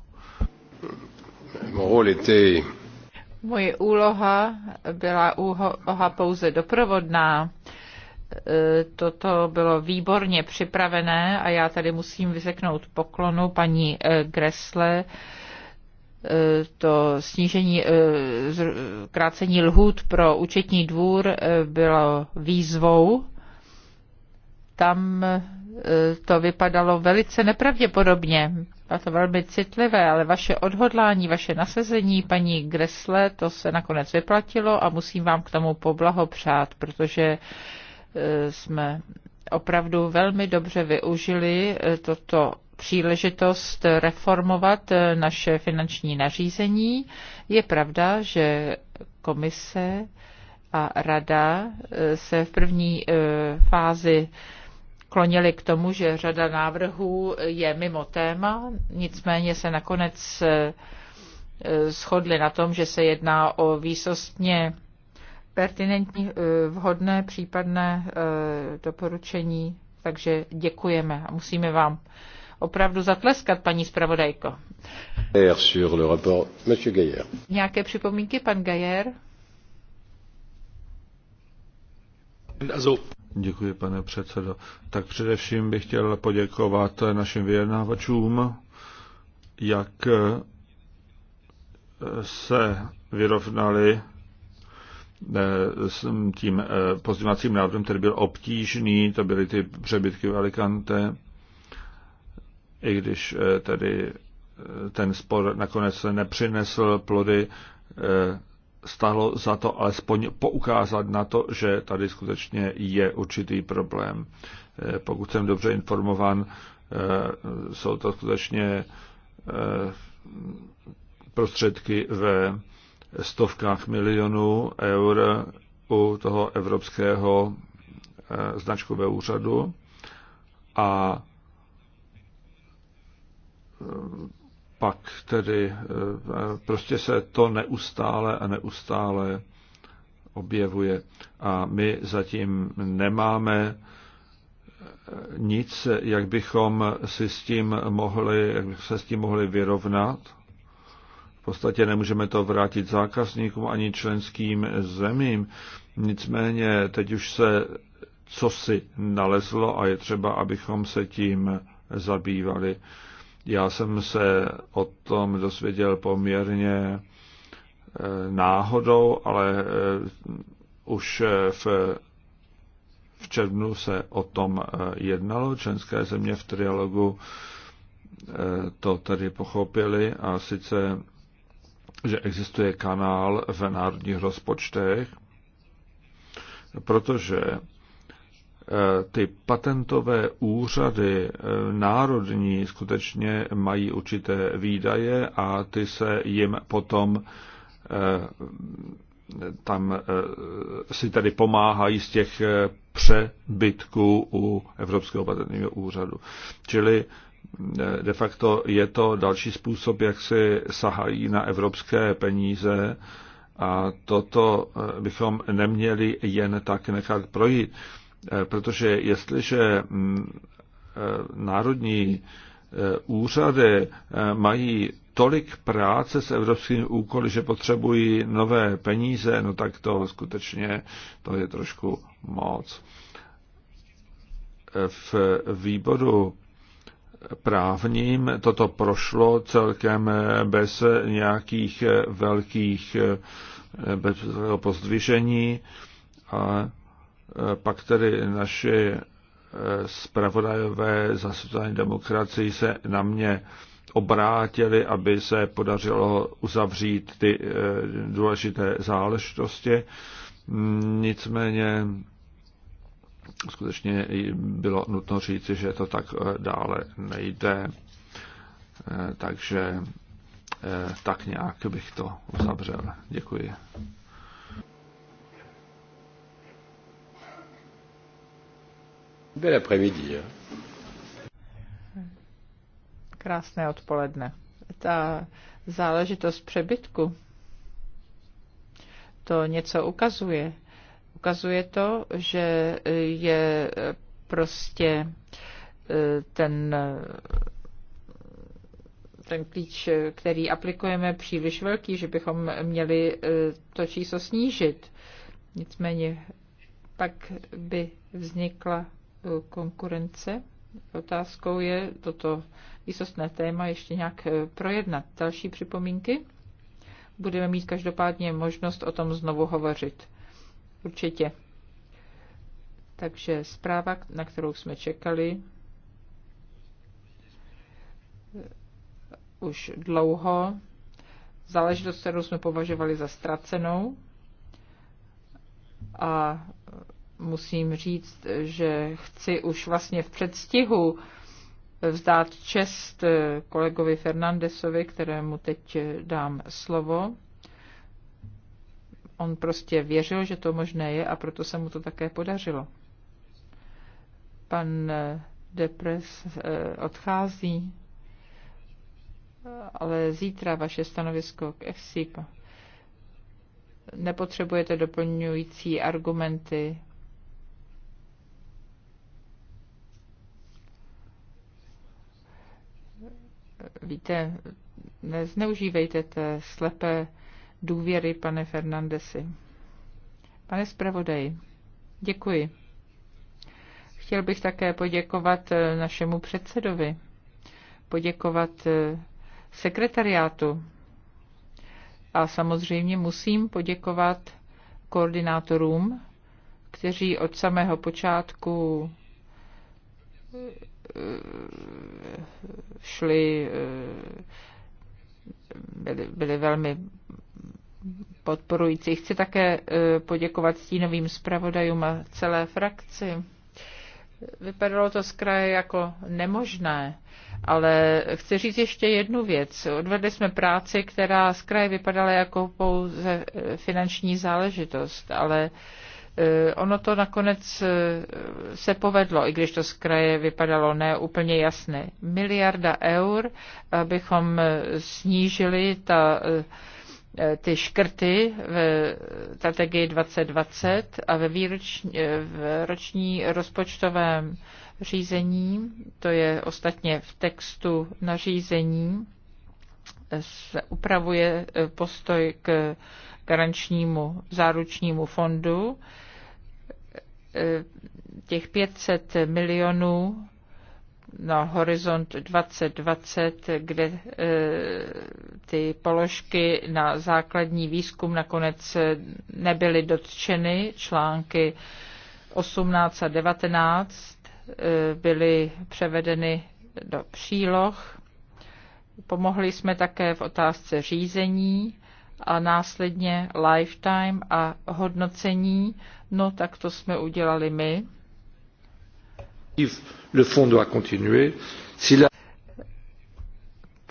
Mon rôle était Moje úloha byla úloha pouze doprovodná. E, toto bylo výborně připravené a já tady musím vyseknout poklonu paní e, Gressle, e, to snížení, krácení lhůt pro účetní dvůr bylo výzvou. Tam to vypadalo velice nepravděpodobně a to velmi citlivé, ale vaše odhodlání, vaše nasazení, paní Gresle, to se nakonec vyplatilo a musím vám k tomu poblahopřát, protože e, jsme opravdu velmi dobře využili e, toto příležitost reformovat e, naše finanční nařízení. Je pravda, že komise a rada se v první fázi klonili k tomu, že řada návrhů je mimo téma, nicméně se nakonec eh, eh, shodli na tom, že se jedná o výsostně pertinentní, eh, vhodné, případné doporučení, takže děkujeme a musíme vám opravdu zatleskat, paní zpravodajko. Nějaké připomínky, pan Gajer? Děkuji, pane předsedo. Tak především bych chtěl poděkovat našim vyjednávačům, jak eh, se vyrovnali eh, s tím eh, pozdňovacím návrhem, který byl obtížný, to byly ty přebytky v Alicante, i když tedy ten spor nakonec nepřinesl plody, stálo za to alespoň poukázat na to, že tady skutečně je určitý problém. Eh, pokud jsem dobře informovan, eh, jsou to skutečně eh, prostředky ve stovkách milionů eur u toho evropského značkového úřadu a pak tedy eh, prostě se to neustále a neustále objevuje. A my zatím nemáme eh, nic, jak bychom si s tím mohli, jak bychom se s tím mohli vyrovnat. V podstatě nemůžeme to vrátit zákazníkům ani členským zemím. Nicméně teď už se si nalezlo a je třeba, abychom se tím zabývali. Já jsem se o tom dozvěděl poměrně e, náhodou, ale e, už e, v, v červnu se o tom jednalo. Členské země v trialogu to tedy pochopili a sice, že existuje kanál v národních rozpočtech, protože Eh, ty patentové úřady eh, národní skutečně mají určité výdaje a ty se jim potom eh, tam si tady pomáhají z těch přebytků u Evropského patentního úřadu. Čili de facto je to další způsob, jak si sahají na evropské peníze a toto bychom neměli jen tak nechat projít Eh, protože jestliže mm, eh, národní eh, úřady mají tolik práce s evropskými úkoly, že potřebují nové peníze, no tak to skutečně to je trošku moc. V výboru právním toto prošlo celkem bez nějakých velkých bez pozdvižení, A Eh, pak tedy naši eh, zpravodajové za sociální demokracii se na mě obrátili, aby se podařilo uzavřít ty eh, důležité záležitosti. Mm, nicméně skutečně bylo nutno říci, že to tak dále nejde. Takže tak nějak bych to uzavřel. Děkuji. Bel après-midi. Krásné odpoledne. Ta záležitost přebytku, to něco ukazuje. Ukazuje to, že je prostě e, ten ten klíč, který aplikujeme, příliš velký, že bychom měli e, to číslo snížit. Nicméně pak by vznikla Eh, konkurence. Otázkou je toto výsostné téma ještě nějak eh, projednat. Další připomínky? Budeme mít každopádně možnost o tom znovu hovořit. Určitě. Takže zpráva, na kterou jsme čekali, eh, už dlouho. Záležitost, kterou jsme považovali za ztracenou. A musím říct, že chci už vlastně v předstihu vzdát čest kolegovi Fernandesovi, kterému teď dám slovo. On prostě věřil, že to možné je a proto se mu to také podařilo. Pan Depres eh, odchází, ale zítra vaše stanovisko k FSIP. Nepotřebujete doplňující argumenty víte, nezneužívejte té slepé důvěry, pane Fernandesi. Pane zpravodaji, děkuji. Chtěl bych také poděkovat eh, našemu předsedovi, poděkovat eh, sekretariátu a samozřejmě musím poděkovat koordinátorům, kteří od samého počátku šli, byli, byli velmi podporující. Chci také eh, poděkovat stínovým zpravodajům a celé frakci. Vypadalo to z kraje jako nemožné, ale chci říct ještě jednu věc. Odvedli jsme práci, která z kraje vypadala jako pouze eh, finanční záležitost, ale E, ono to nakonec e, se povedlo, i když to z kraje vypadalo neúplně jasné. Miliarda eur, abychom e, snížili ta ty škrty v strategii 2020 a ve, výroční, v roční rozpočtovém řízení, to je ostatně v textu nařízení, se upravuje eh, postoj k garančnímu záručnímu fondu. Eh, těch 500 milionů na horizont 2020, kde eh, ty položky na základní výzkum nakonec nebyly dotčeny. Články 18 a 19 byly převedeny do příloh Pomohli jsme také v otázce řízení a následně lifetime a hodnocení. No tak to jsme udělali my. Le fond doit continuer. Si la...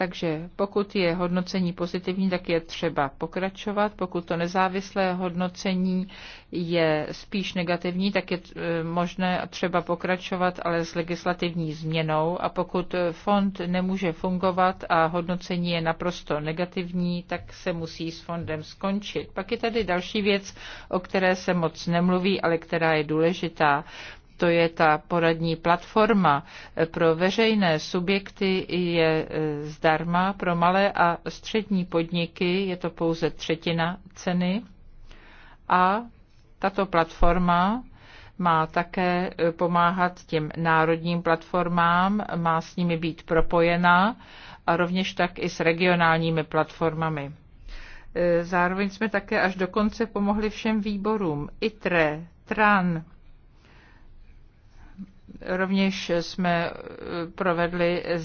Takže pokud je hodnocení pozitivní, tak je třeba pokračovat. Pokud to nezávislé hodnocení je spíš negativní, tak je e, možné třeba pokračovat, ale s legislativní změnou. A pokud fond nemůže fungovat a hodnocení je naprosto negativní, tak se musí s fondem skončit. Pak je tady další věc, o které se moc nemluví, ale která je důležitá to je ta poradní platforma pro veřejné subjekty, je e, zdarma pro malé a střední podniky, je to pouze třetina ceny. A tato platforma má také e, pomáhat těm národním platformám, má s nimi být propojená a rovněž tak i s regionálními platformami. E, zároveň jsme také až dokonce pomohli všem výborům. ITRE, TRAN, Rovněž jsme eh, provedli eh,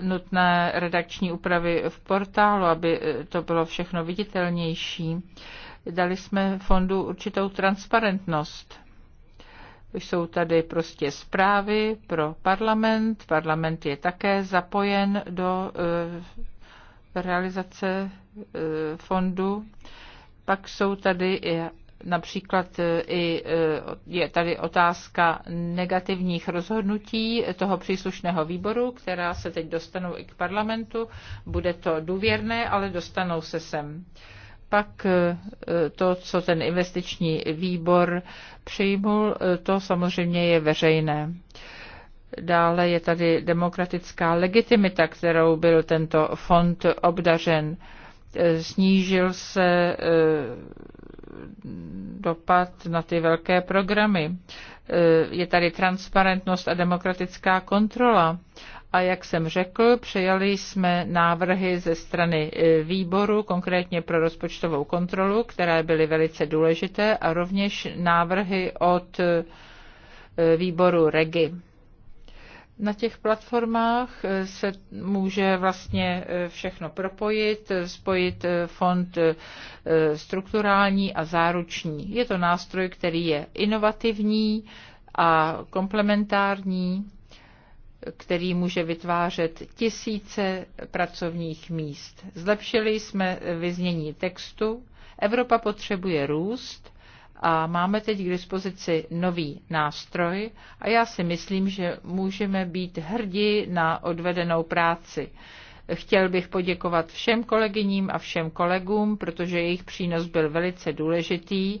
nutné redakční úpravy v portálu, aby eh, to bylo všechno viditelnější. Dali jsme fondu určitou transparentnost. Jsou tady prostě zprávy pro parlament. Parlament je také zapojen do realizace fondu. Pak jsou tady i Například e, i e, je tady otázka negativních rozhodnutí toho příslušného výboru, která se teď dostanou i k parlamentu. Bude to důvěrné, ale dostanou se sem pak e, to, co ten investiční výbor přijmul, to samozřejmě je veřejné. Dále je tady demokratická legitimita, kterou byl tento fond obdařen. Snížil se dopad na ty velké programy. Eh, je tady transparentnost a demokratická kontrola. A jak jsem řekl, přijali jsme návrhy ze strany eh, výboru, konkrétně pro rozpočtovou kontrolu, které byly velice důležité, a rovněž návrhy od eh, výboru REGI. Na těch platformách eh, se může vlastně eh, všechno propojit, eh, spojit fond strukturální a záruční. Je to nástroj, který je inovativní a komplementární, který může vytvářet tisíce pracovních míst. Zlepšili jsme vyznění textu. Evropa potřebuje růst a máme teď k dispozici nový nástroj a já si myslím, že můžeme být hrdí na odvedenou práci. Chtěl bych poděkovat všem kolegyním a všem kolegům, protože jejich přínos byl velice důležitý e,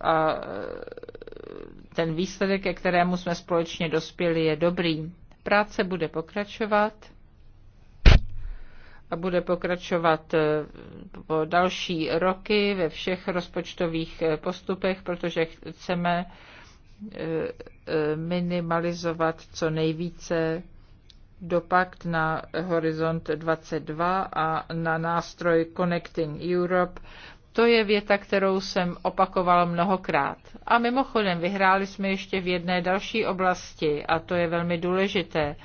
a ten výsledek, ke kterému jsme společně dospěli, je dobrý. Práce bude pokračovat a bude pokračovat eh, po další roky ve všech rozpočtových eh, postupech, protože chceme eh, minimalizovat co nejvíce dopad na Horizont 22 a na nástroj Connecting Europe. To je věta, kterou jsem opakoval mnohokrát. A mimochodem, vyhráli jsme ještě v jedné další oblasti, a to je velmi důležité.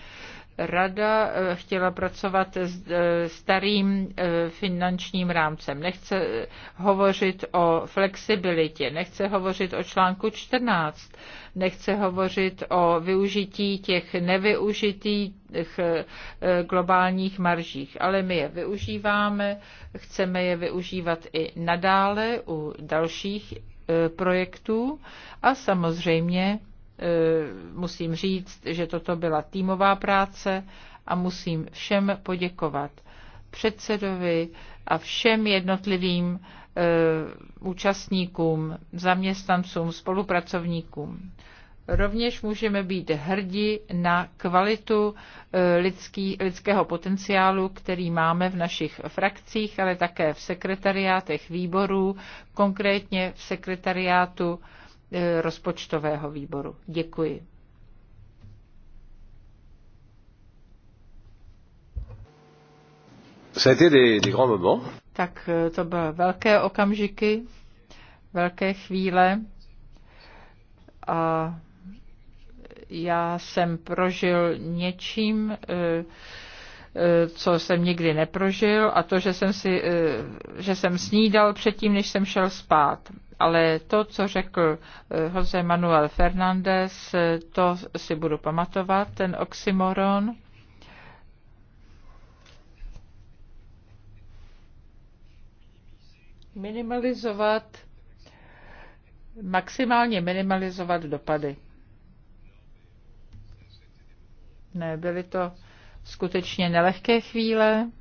Rada eh, chtěla pracovat s eh, starým eh, finančním rámcem. Nechce hovořit o flexibilitě, nechce hovořit o článku 14, nechce hovořit o využití těch nevyužitých globálních maržích, ale my je využíváme, chceme je využívat i nadále u dalších projektů a samozřejmě Eh, musím říct, že toto byla týmová práce a musím všem poděkovat. Předsedovi a všem jednotlivým eh, účastníkům, zaměstnancům, spolupracovníkům. Rovněž můžeme být hrdi na kvalitu eh, lidský, lidského potenciálu, který máme v našich frakcích, ale také v sekretariátech výborů, konkrétně v sekretariátu E, rozpočtového výboru. Děkuji. Tak e, to byly velké okamžiky, velké chvíle. A já jsem prožil něčím, e, co jsem nikdy neprožil, a to, že jsem, si, že jsem snídal předtím, než jsem šel spát ale to, co řekl eh, Jose Manuel Fernández, eh, to si budu pamatovat, ten oxymoron. Minimalizovat, maximálně minimalizovat dopady. Ne, byly to skutečně nelehké chvíle,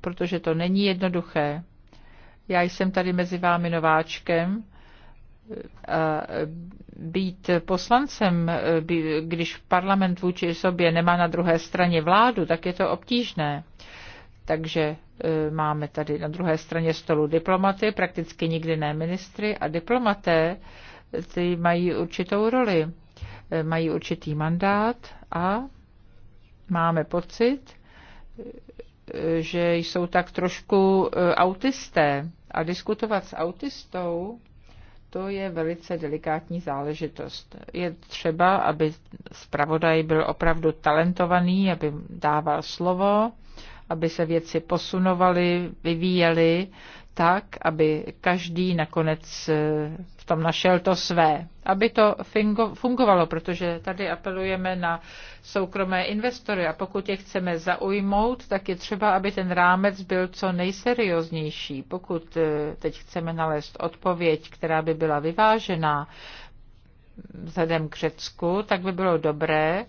protože to není jednoduché já jsem tady mezi vámi nováčkem. A být poslancem, když parlament vůči sobě nemá na druhé straně vládu, tak je to obtížné. Takže e, máme tady na druhé straně stolu diplomaty, prakticky nikdy ne ministry a diplomaté, ty mají určitou roli, e, mají určitý mandát a máme pocit, že jsou tak trošku e, autisté. A diskutovat s autistou, to je velice delikátní záležitost. Je třeba, aby zpravodaj byl opravdu talentovaný, aby dával slovo, aby se věci posunovaly, vyvíjely, tak, aby každý nakonec eh, v tom našel to své. Aby to fungovalo, protože tady apelujeme na soukromé investory a pokud je chceme zaujmout, tak je třeba, aby ten rámec byl co nejserióznější. Pokud eh, teď chceme nalézt odpověď, která by byla vyvážená vzhledem k Řecku, tak by bylo dobré,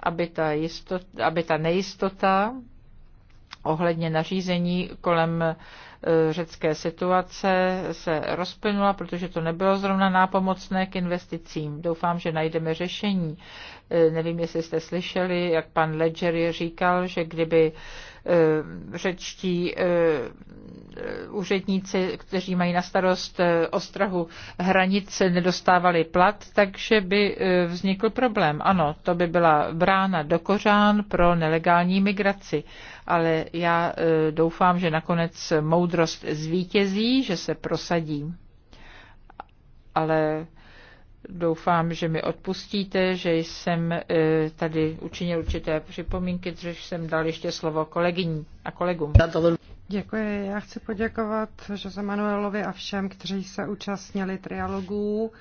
aby ta, jistota, aby ta nejistota ohledně nařízení kolem e, řecké situace se rozplynula, protože to nebylo zrovna nápomocné k investicím. Doufám, že najdeme řešení. E, nevím, jestli jste slyšeli, jak pan Ledger říkal, že kdyby e, řečtí úředníci, kteří mají na starost ostrahu hranice, nedostávali plat, takže by vznikl problém. Ano, to by byla brána do kořán pro nelegální migraci ale já e, doufám, že nakonec moudrost zvítězí, že se prosadí. Ale doufám, že mi odpustíte, že jsem e, tady učinil určité připomínky, což jsem dal ještě slovo kolegyní a kolegům. Děkuji. Já chci poděkovat Jose Manuelovi a všem, kteří se účastnili trialogů.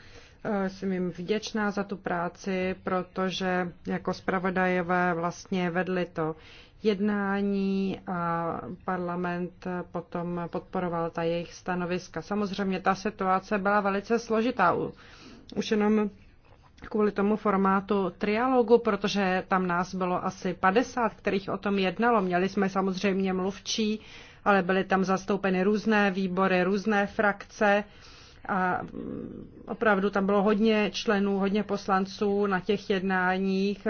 E, jsem jim vděčná za tu práci, protože jako zpravodajové vlastně vedli to jednání a parlament potom podporoval ta jejich stanoviska. Samozřejmě ta situace byla velice složitá. Už jenom kvůli tomu formátu trialogu, protože tam nás bylo asi 50, kterých o tom jednalo. Měli jsme samozřejmě mluvčí, ale byly tam zastoupeny různé výbory, různé frakce a mm, opravdu tam bylo hodně členů, hodně poslanců na těch jednáních.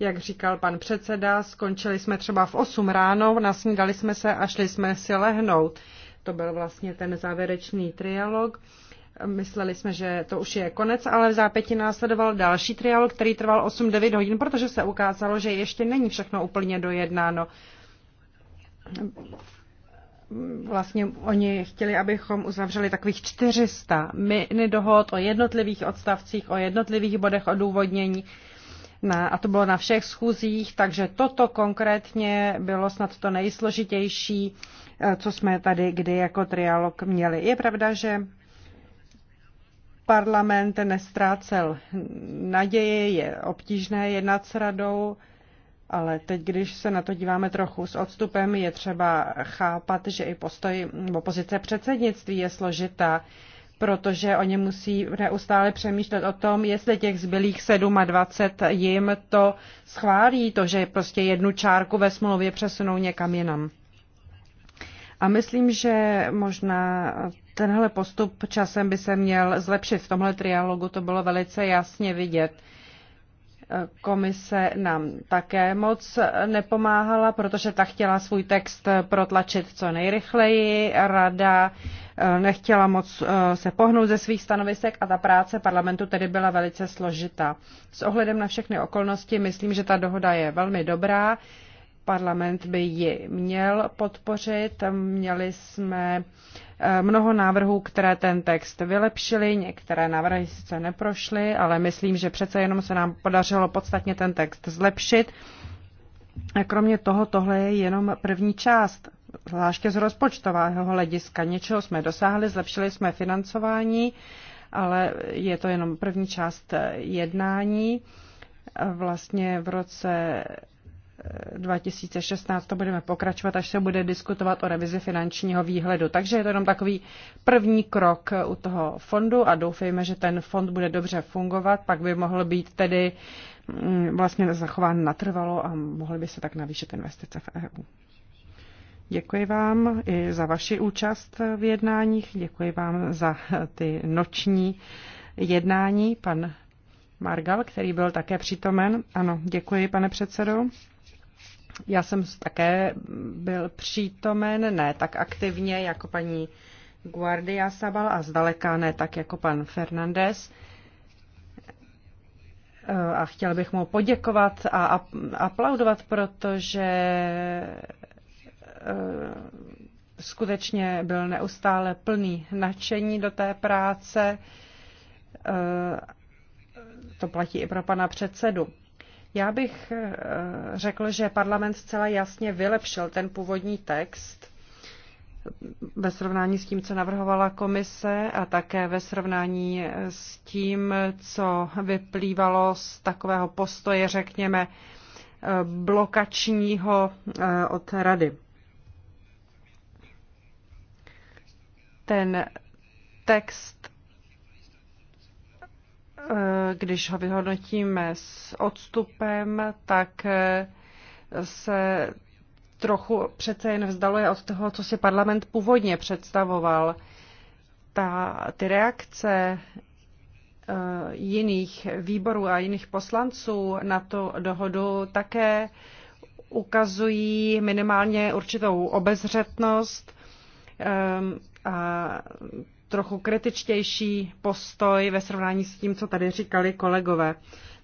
Jak říkal pan předseda, skončili jsme třeba v 8 ráno, nasnídali jsme se a šli jsme si lehnout. To byl vlastně ten závěrečný trialog. Mysleli jsme, že to už je konec, ale v zápěti následoval další trialog, který trval 8-9 hodin, protože se ukázalo, že ještě není všechno úplně dojednáno vlastně oni chtěli, abychom uzavřeli takových 400 mini dohod o jednotlivých odstavcích, o jednotlivých bodech odůvodnění na, a to bylo na všech schůzích, takže toto konkrétně bylo snad to nejsložitější, eh, co jsme tady kdy jako trialog měli. Je pravda, že parlament nestrácel naděje, je obtížné jednat s radou, ale teď, když se na to díváme trochu s odstupem, je třeba chápat, že i postoj opozice předsednictví je složitá protože oni musí neustále přemýšlet o tom, jestli těch zbylých 27 jim to schválí, to, že prostě jednu čárku ve smlouvě přesunou někam jinam. A myslím, že možná tenhle postup časem by se měl zlepšit. V tomhle trialogu to bylo velice jasně vidět. Komise nám také moc nepomáhala, protože ta chtěla svůj text protlačit co nejrychleji. Rada Eh, nechtěla moc eh, se pohnout ze svých stanovisek a ta práce parlamentu tedy byla velice složitá. S ohledem na všechny okolnosti myslím, že ta dohoda je velmi dobrá. Parlament by ji měl podpořit. Měli jsme eh, mnoho návrhů, které ten text vylepšily, některé návrhy sice neprošly, ale myslím, že přece jenom se nám podařilo podstatně ten text zlepšit. kromě toho, tohle je jenom první část zvláště z rozpočtového hlediska. Něčeho jsme dosáhli, zlepšili jsme financování, ale je to jenom první část eh, jednání. Vlastně v roce 2016 eh, to budeme pokračovat, až se bude diskutovat o revizi finančního výhledu. Takže je to jenom takový první krok eh, u toho fondu a doufejme, že ten fond bude dobře fungovat, pak by mohl být tedy mm, vlastně zachován natrvalo a mohly by se tak navýšit investice v EU. Děkuji vám i za vaši účast v jednáních, děkuji vám za ty noční jednání. Pan Margal, který byl také přítomen. Ano, děkuji, pane předsedo. Já jsem také byl přítomen, ne tak aktivně jako paní Guardia Sabal a zdaleka ne tak jako pan Fernandez. A chtěl bych mu poděkovat a aplaudovat, protože Eh, skutečně byl neustále plný nadšení do té práce. Eh, to platí i pro pana předsedu. Já bych eh, řekl, že parlament zcela jasně vylepšil ten původní text ve srovnání s tím, co navrhovala komise a také ve srovnání s tím, co vyplývalo z takového postoje, řekněme, blokačního od rady. Ten text, eh, když ho vyhodnotíme s odstupem, tak eh, se trochu přece jen vzdaluje od toho, co si parlament původně představoval. Ta, ty reakce eh, jiných výborů a jiných poslanců na tu dohodu také ukazují minimálně určitou obezřetnost. Ehm, a trochu kritičtější postoj ve srovnání s tím, co tady říkali kolegové.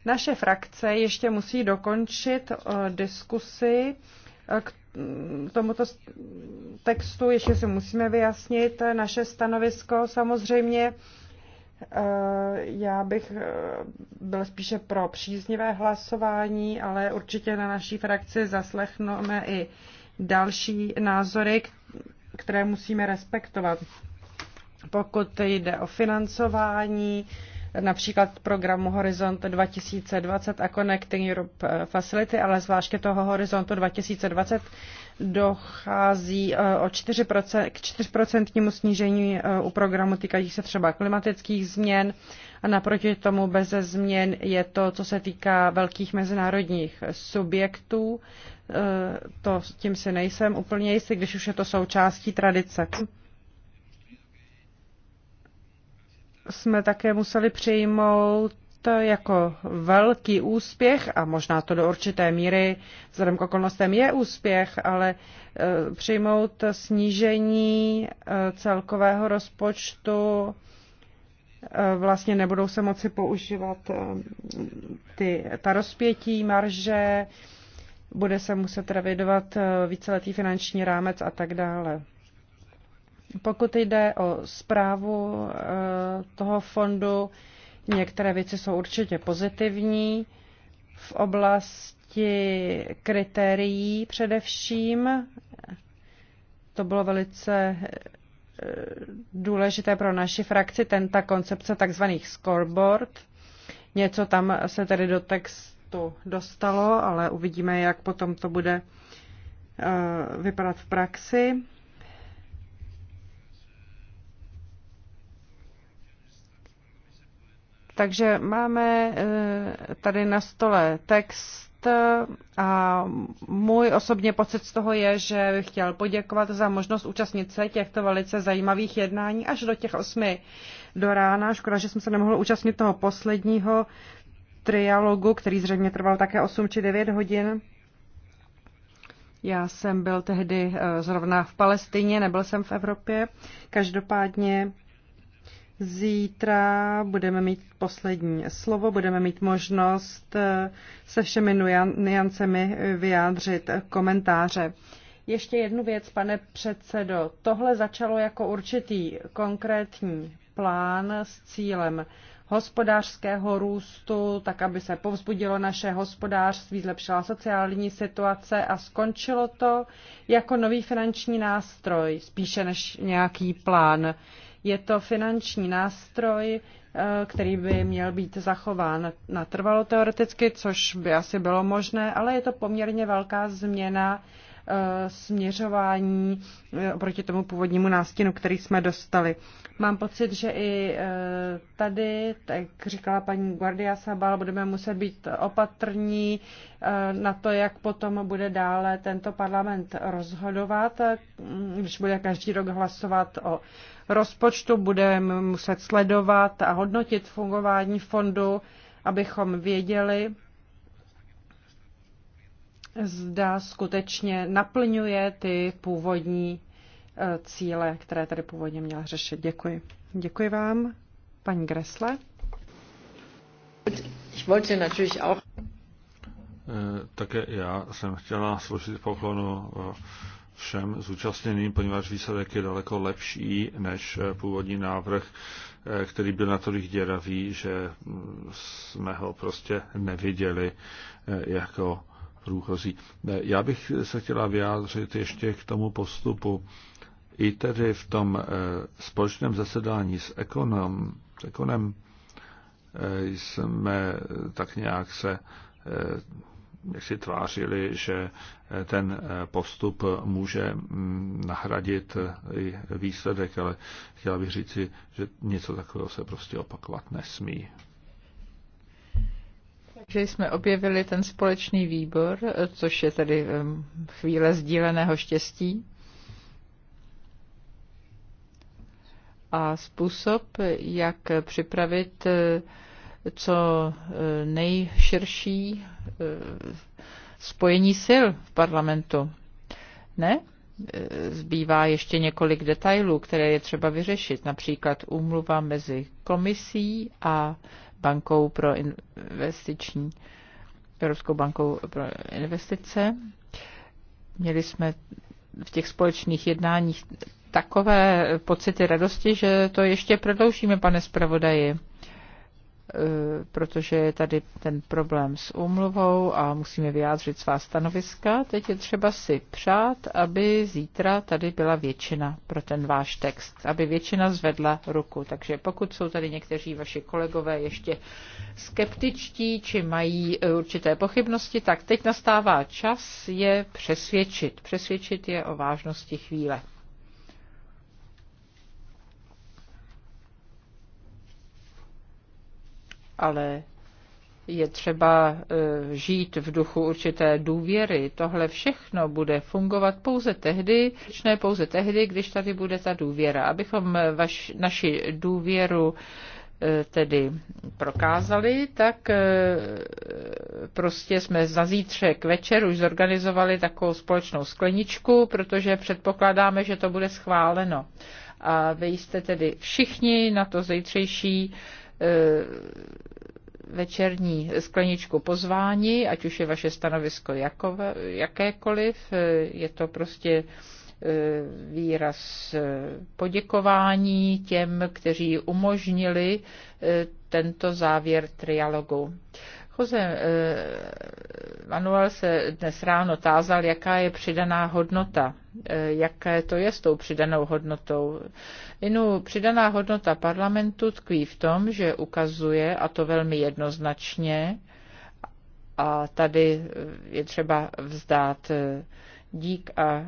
Naše frakce ještě musí dokončit eh, diskusi eh, k tomuto textu, ještě si musíme vyjasnit naše stanovisko. Samozřejmě eh, já bych byl spíše pro příznivé hlasování, ale určitě na naší frakci zaslechneme i další názory, které musíme respektovat. Pokud jde o financování, například programu Horizont 2020 a Connecting Europe eh, Facility, ale zvláště toho Horizontu 2020 dochází eh, o 4%, k 4% snížení eh, u programu týkajících se třeba klimatických změn a naproti tomu bez změn je to, co se týká velkých mezinárodních subjektů. To, tím si nejsem úplně jistý, když už je to součástí tradice. jsme také museli přijmout jako velký úspěch a možná to do určité míry vzhledem k okolnostem je úspěch, ale e, přijmout snížení e, celkového rozpočtu e, vlastně nebudou se moci používat ty, ta rozpětí, marže, bude se muset revidovat víceletý finanční rámec a tak dále. Pokud jde o zprávu eh, toho fondu, některé věci jsou určitě pozitivní. V oblasti kritérií především, to bylo velice eh, důležité pro naši frakci, ten, ta koncepce takzvaných scoreboard. Něco tam se tedy do textu dostalo, ale uvidíme, jak potom to bude eh, vypadat v praxi. Takže máme eh, tady na stole text eh, a můj osobně pocit z toho je, že bych chtěl poděkovat za možnost účastnit se těchto velice zajímavých jednání až do těch osmi do rána. Škoda, že jsem se nemohl účastnit toho posledního trialogu, který zřejmě trval také 8 či 9 hodin. Já jsem byl tehdy eh, zrovna v Palestině, nebyl jsem v Evropě. Každopádně Zítra budeme mít poslední slovo, budeme mít možnost eh, se všemi niancemi eh, vyjádřit komentáře. Ještě jednu věc, pane předsedo. Tohle začalo jako určitý konkrétní plán s cílem hospodářského růstu, tak aby se povzbudilo naše hospodářství, zlepšila sociální situace a skončilo to jako nový finanční nástroj, spíše než nějaký plán. Je to finanční nástroj, eh, který by měl být zachován natrvalo teoreticky, což by asi bylo možné, ale je to poměrně velká změna směřování eh, oproti tomu původnímu nástinu, který jsme dostali. Mám pocit, že i eh, tady, tak říkala paní Guardia Sabal, budeme muset být opatrní eh, na to, jak potom bude dále tento parlament rozhodovat, mm, když bude každý rok hlasovat o rozpočtu, budeme muset sledovat a hodnotit fungování fondu, abychom věděli, zda skutečně naplňuje ty původní eh, cíle, které tady původně měla řešit. Děkuji. Děkuji vám, paní Gresle. Eh, také já jsem chtěla složit poklonu eh, všem zúčastněným, poněvadž výsledek je daleko lepší než původní návrh, který byl natolik děravý, že mm, jsme ho prostě neviděli jako průchozí. Eh, já bych se chtěla vyjádřit ještě k tomu postupu. I tedy v tom eh, společném zasedání s ekonom, s ekonem eh, jsme tak nějak se jak si tvářili, že ten postup může mm, nahradit i výsledek, ale chtěla bych říci, že něco takového se prostě opakovat nesmí že jsme objevili ten společný výbor, což je tedy chvíle sdíleného štěstí. A způsob, jak připravit eh, co eh, nejširší eh, spojení sil v parlamentu. Ne? Zbývá ještě několik detailů, které je třeba vyřešit, například úmluva mezi komisí a bankou pro investiční, Evropskou bankou pro investice. Měli jsme v těch společných jednáních takové pocity radosti, že to ještě prodloužíme, pane zpravodaji. Eh, protože je tady ten problém s úmluvou a musíme vyjádřit svá stanoviska. Teď je třeba si přát, aby zítra tady byla většina pro ten váš text, aby většina zvedla ruku. Takže pokud jsou tady někteří vaši kolegové ještě skeptičtí či mají eh, určité pochybnosti, tak teď nastává čas je přesvědčit. Přesvědčit je o vážnosti chvíle. ale je třeba eh, žít v duchu určité důvěry. Tohle všechno bude fungovat pouze tehdy, ne pouze tehdy, když tady bude ta důvěra. Abychom vaš, naši důvěru eh, tedy prokázali, tak eh, prostě jsme na zítřek večer už zorganizovali takovou společnou skleničku, protože předpokládáme, že to bude schváleno. A vy jste tedy všichni na to zítřejší večerní skleničku pozvání, ať už je vaše stanovisko jakové, jakékoliv, je to prostě e, výraz e, poděkování těm, kteří umožnili e, tento závěr trialogu. Jose eh, Manuel se dnes ráno tázal, jaká je přidaná hodnota, eh, jaké to je s tou přidanou hodnotou. Inu přidaná hodnota parlamentu tkví v tom, že ukazuje, a to velmi jednoznačně, a tady je třeba vzdát eh, dík a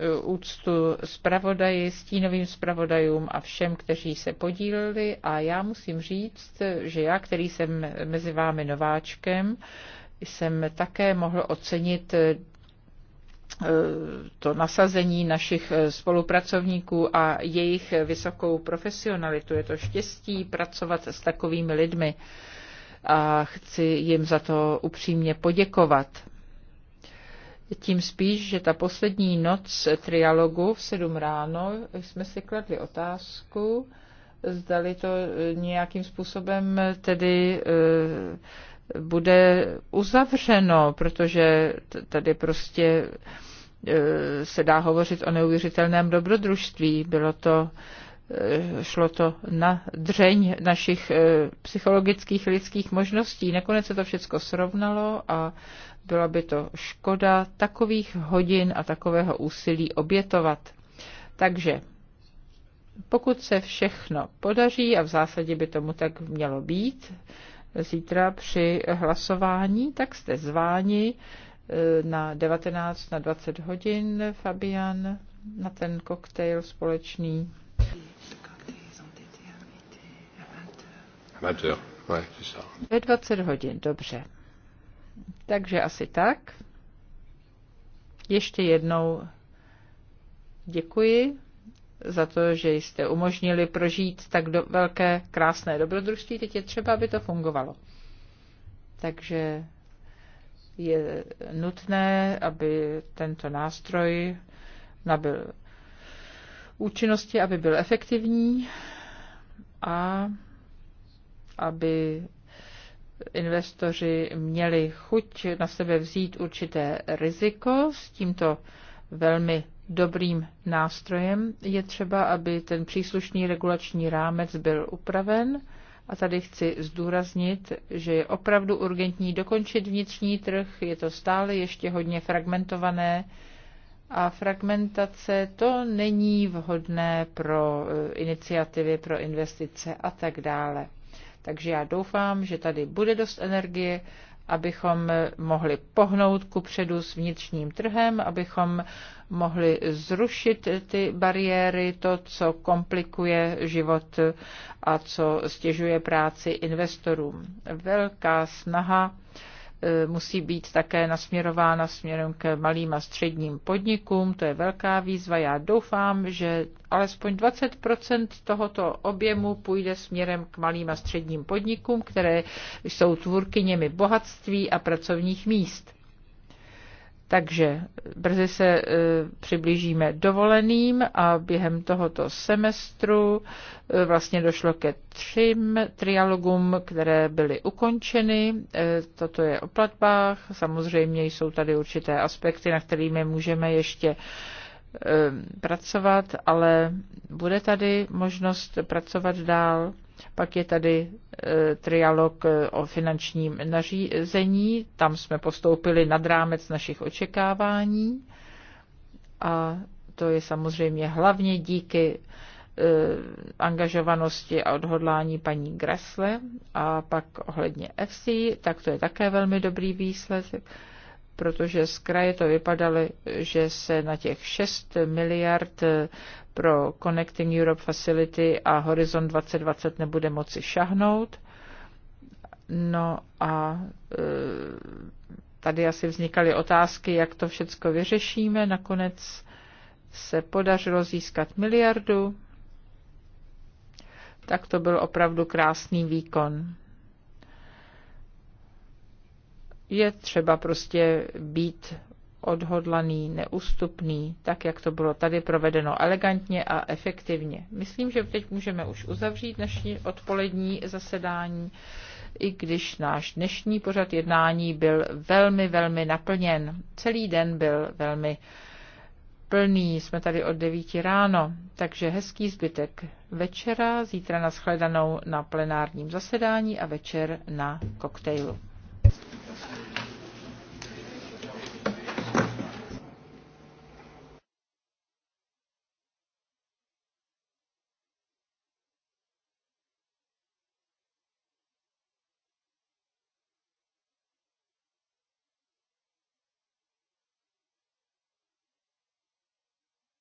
Eh, úctu zpravodaji, stínovým zpravodajům a všem, kteří se podíleli. A já musím říct, že já, který jsem mezi vámi nováčkem, jsem také mohl ocenit eh, to nasazení našich eh, spolupracovníků a jejich vysokou profesionalitu. Je to štěstí pracovat s takovými lidmi a chci jim za to upřímně poděkovat. Tím spíš, že ta poslední noc trialogu v sedm ráno jsme si kladli otázku, zdali to nějakým způsobem tedy eh, bude uzavřeno, protože tady prostě eh, se dá hovořit o neuvěřitelném dobrodružství. Bylo to, eh, šlo to na dřeň našich psychologických lidských možností. Nakonec se to všechno srovnalo a byla by to škoda takových hodin a takového úsilí obětovat. Takže pokud se všechno podaří, a v zásadě by tomu tak mělo být, zítra při hlasování, tak jste zváni eh, na 19 na 20 hodin, Fabian, na ten koktejl společný. Ve 20 hodin, dobře. Takže asi tak. Ještě jednou děkuji za to, že jste umožnili prožít tak do, velké, krásné dobrodružství. Teď je třeba, aby to fungovalo. Takže je nutné, aby tento nástroj nabyl účinnosti, aby byl efektivní a aby investoři měli chuť na sebe vzít určité riziko s tímto velmi dobrým nástrojem. Je třeba, aby ten příslušný regulační rámec byl upraven. A tady chci zdůraznit, že je opravdu urgentní dokončit vnitřní trh, je to stále ještě hodně fragmentované a fragmentace to není vhodné pro eh, iniciativy, pro investice a tak dále. Takže já doufám, že tady bude dost energie, abychom mohli pohnout ku předu s vnitřním trhem, abychom mohli zrušit ty bariéry, to, co komplikuje život a co stěžuje práci investorům. Velká snaha E, musí být také nasměrována směrem k malým a středním podnikům. To je velká výzva. Já doufám, že alespoň 20 tohoto objemu půjde směrem k malým a středním podnikům, které jsou tvůrkyněmi bohatství a pracovních míst. Takže brzy se e, přiblížíme dovoleným a během tohoto semestru e, vlastně došlo ke třím trialogům, které byly ukončeny. E, toto je o platbách. Samozřejmě jsou tady určité aspekty, na kterými můžeme ještě pracovat, ale bude tady možnost pracovat dál pak je tady e, trialog e, o finančním nařízení, tam jsme postoupili nad rámec našich očekávání a to je samozřejmě hlavně díky e, angažovanosti a odhodlání paní Gressle a pak ohledně FC, tak to je také velmi dobrý výsledek, protože z kraje to vypadalo, že se na těch 6 miliard pro Connecting Europe Facility a Horizon 2020 nebude moci šahnout. No a e, tady asi vznikaly otázky, jak to všechno vyřešíme. Nakonec se podařilo získat miliardu, tak to byl opravdu krásný výkon. Je třeba prostě být odhodlaný, neústupný, tak jak to bylo tady provedeno elegantně a efektivně. Myslím, že teď můžeme už uzavřít naše odpolední zasedání, i když náš dnešní pořad jednání byl velmi, velmi naplněn. Celý den byl velmi plný, jsme tady od 9 ráno, takže hezký zbytek večera, zítra na shledanou na plenárním zasedání a večer na koktejlu.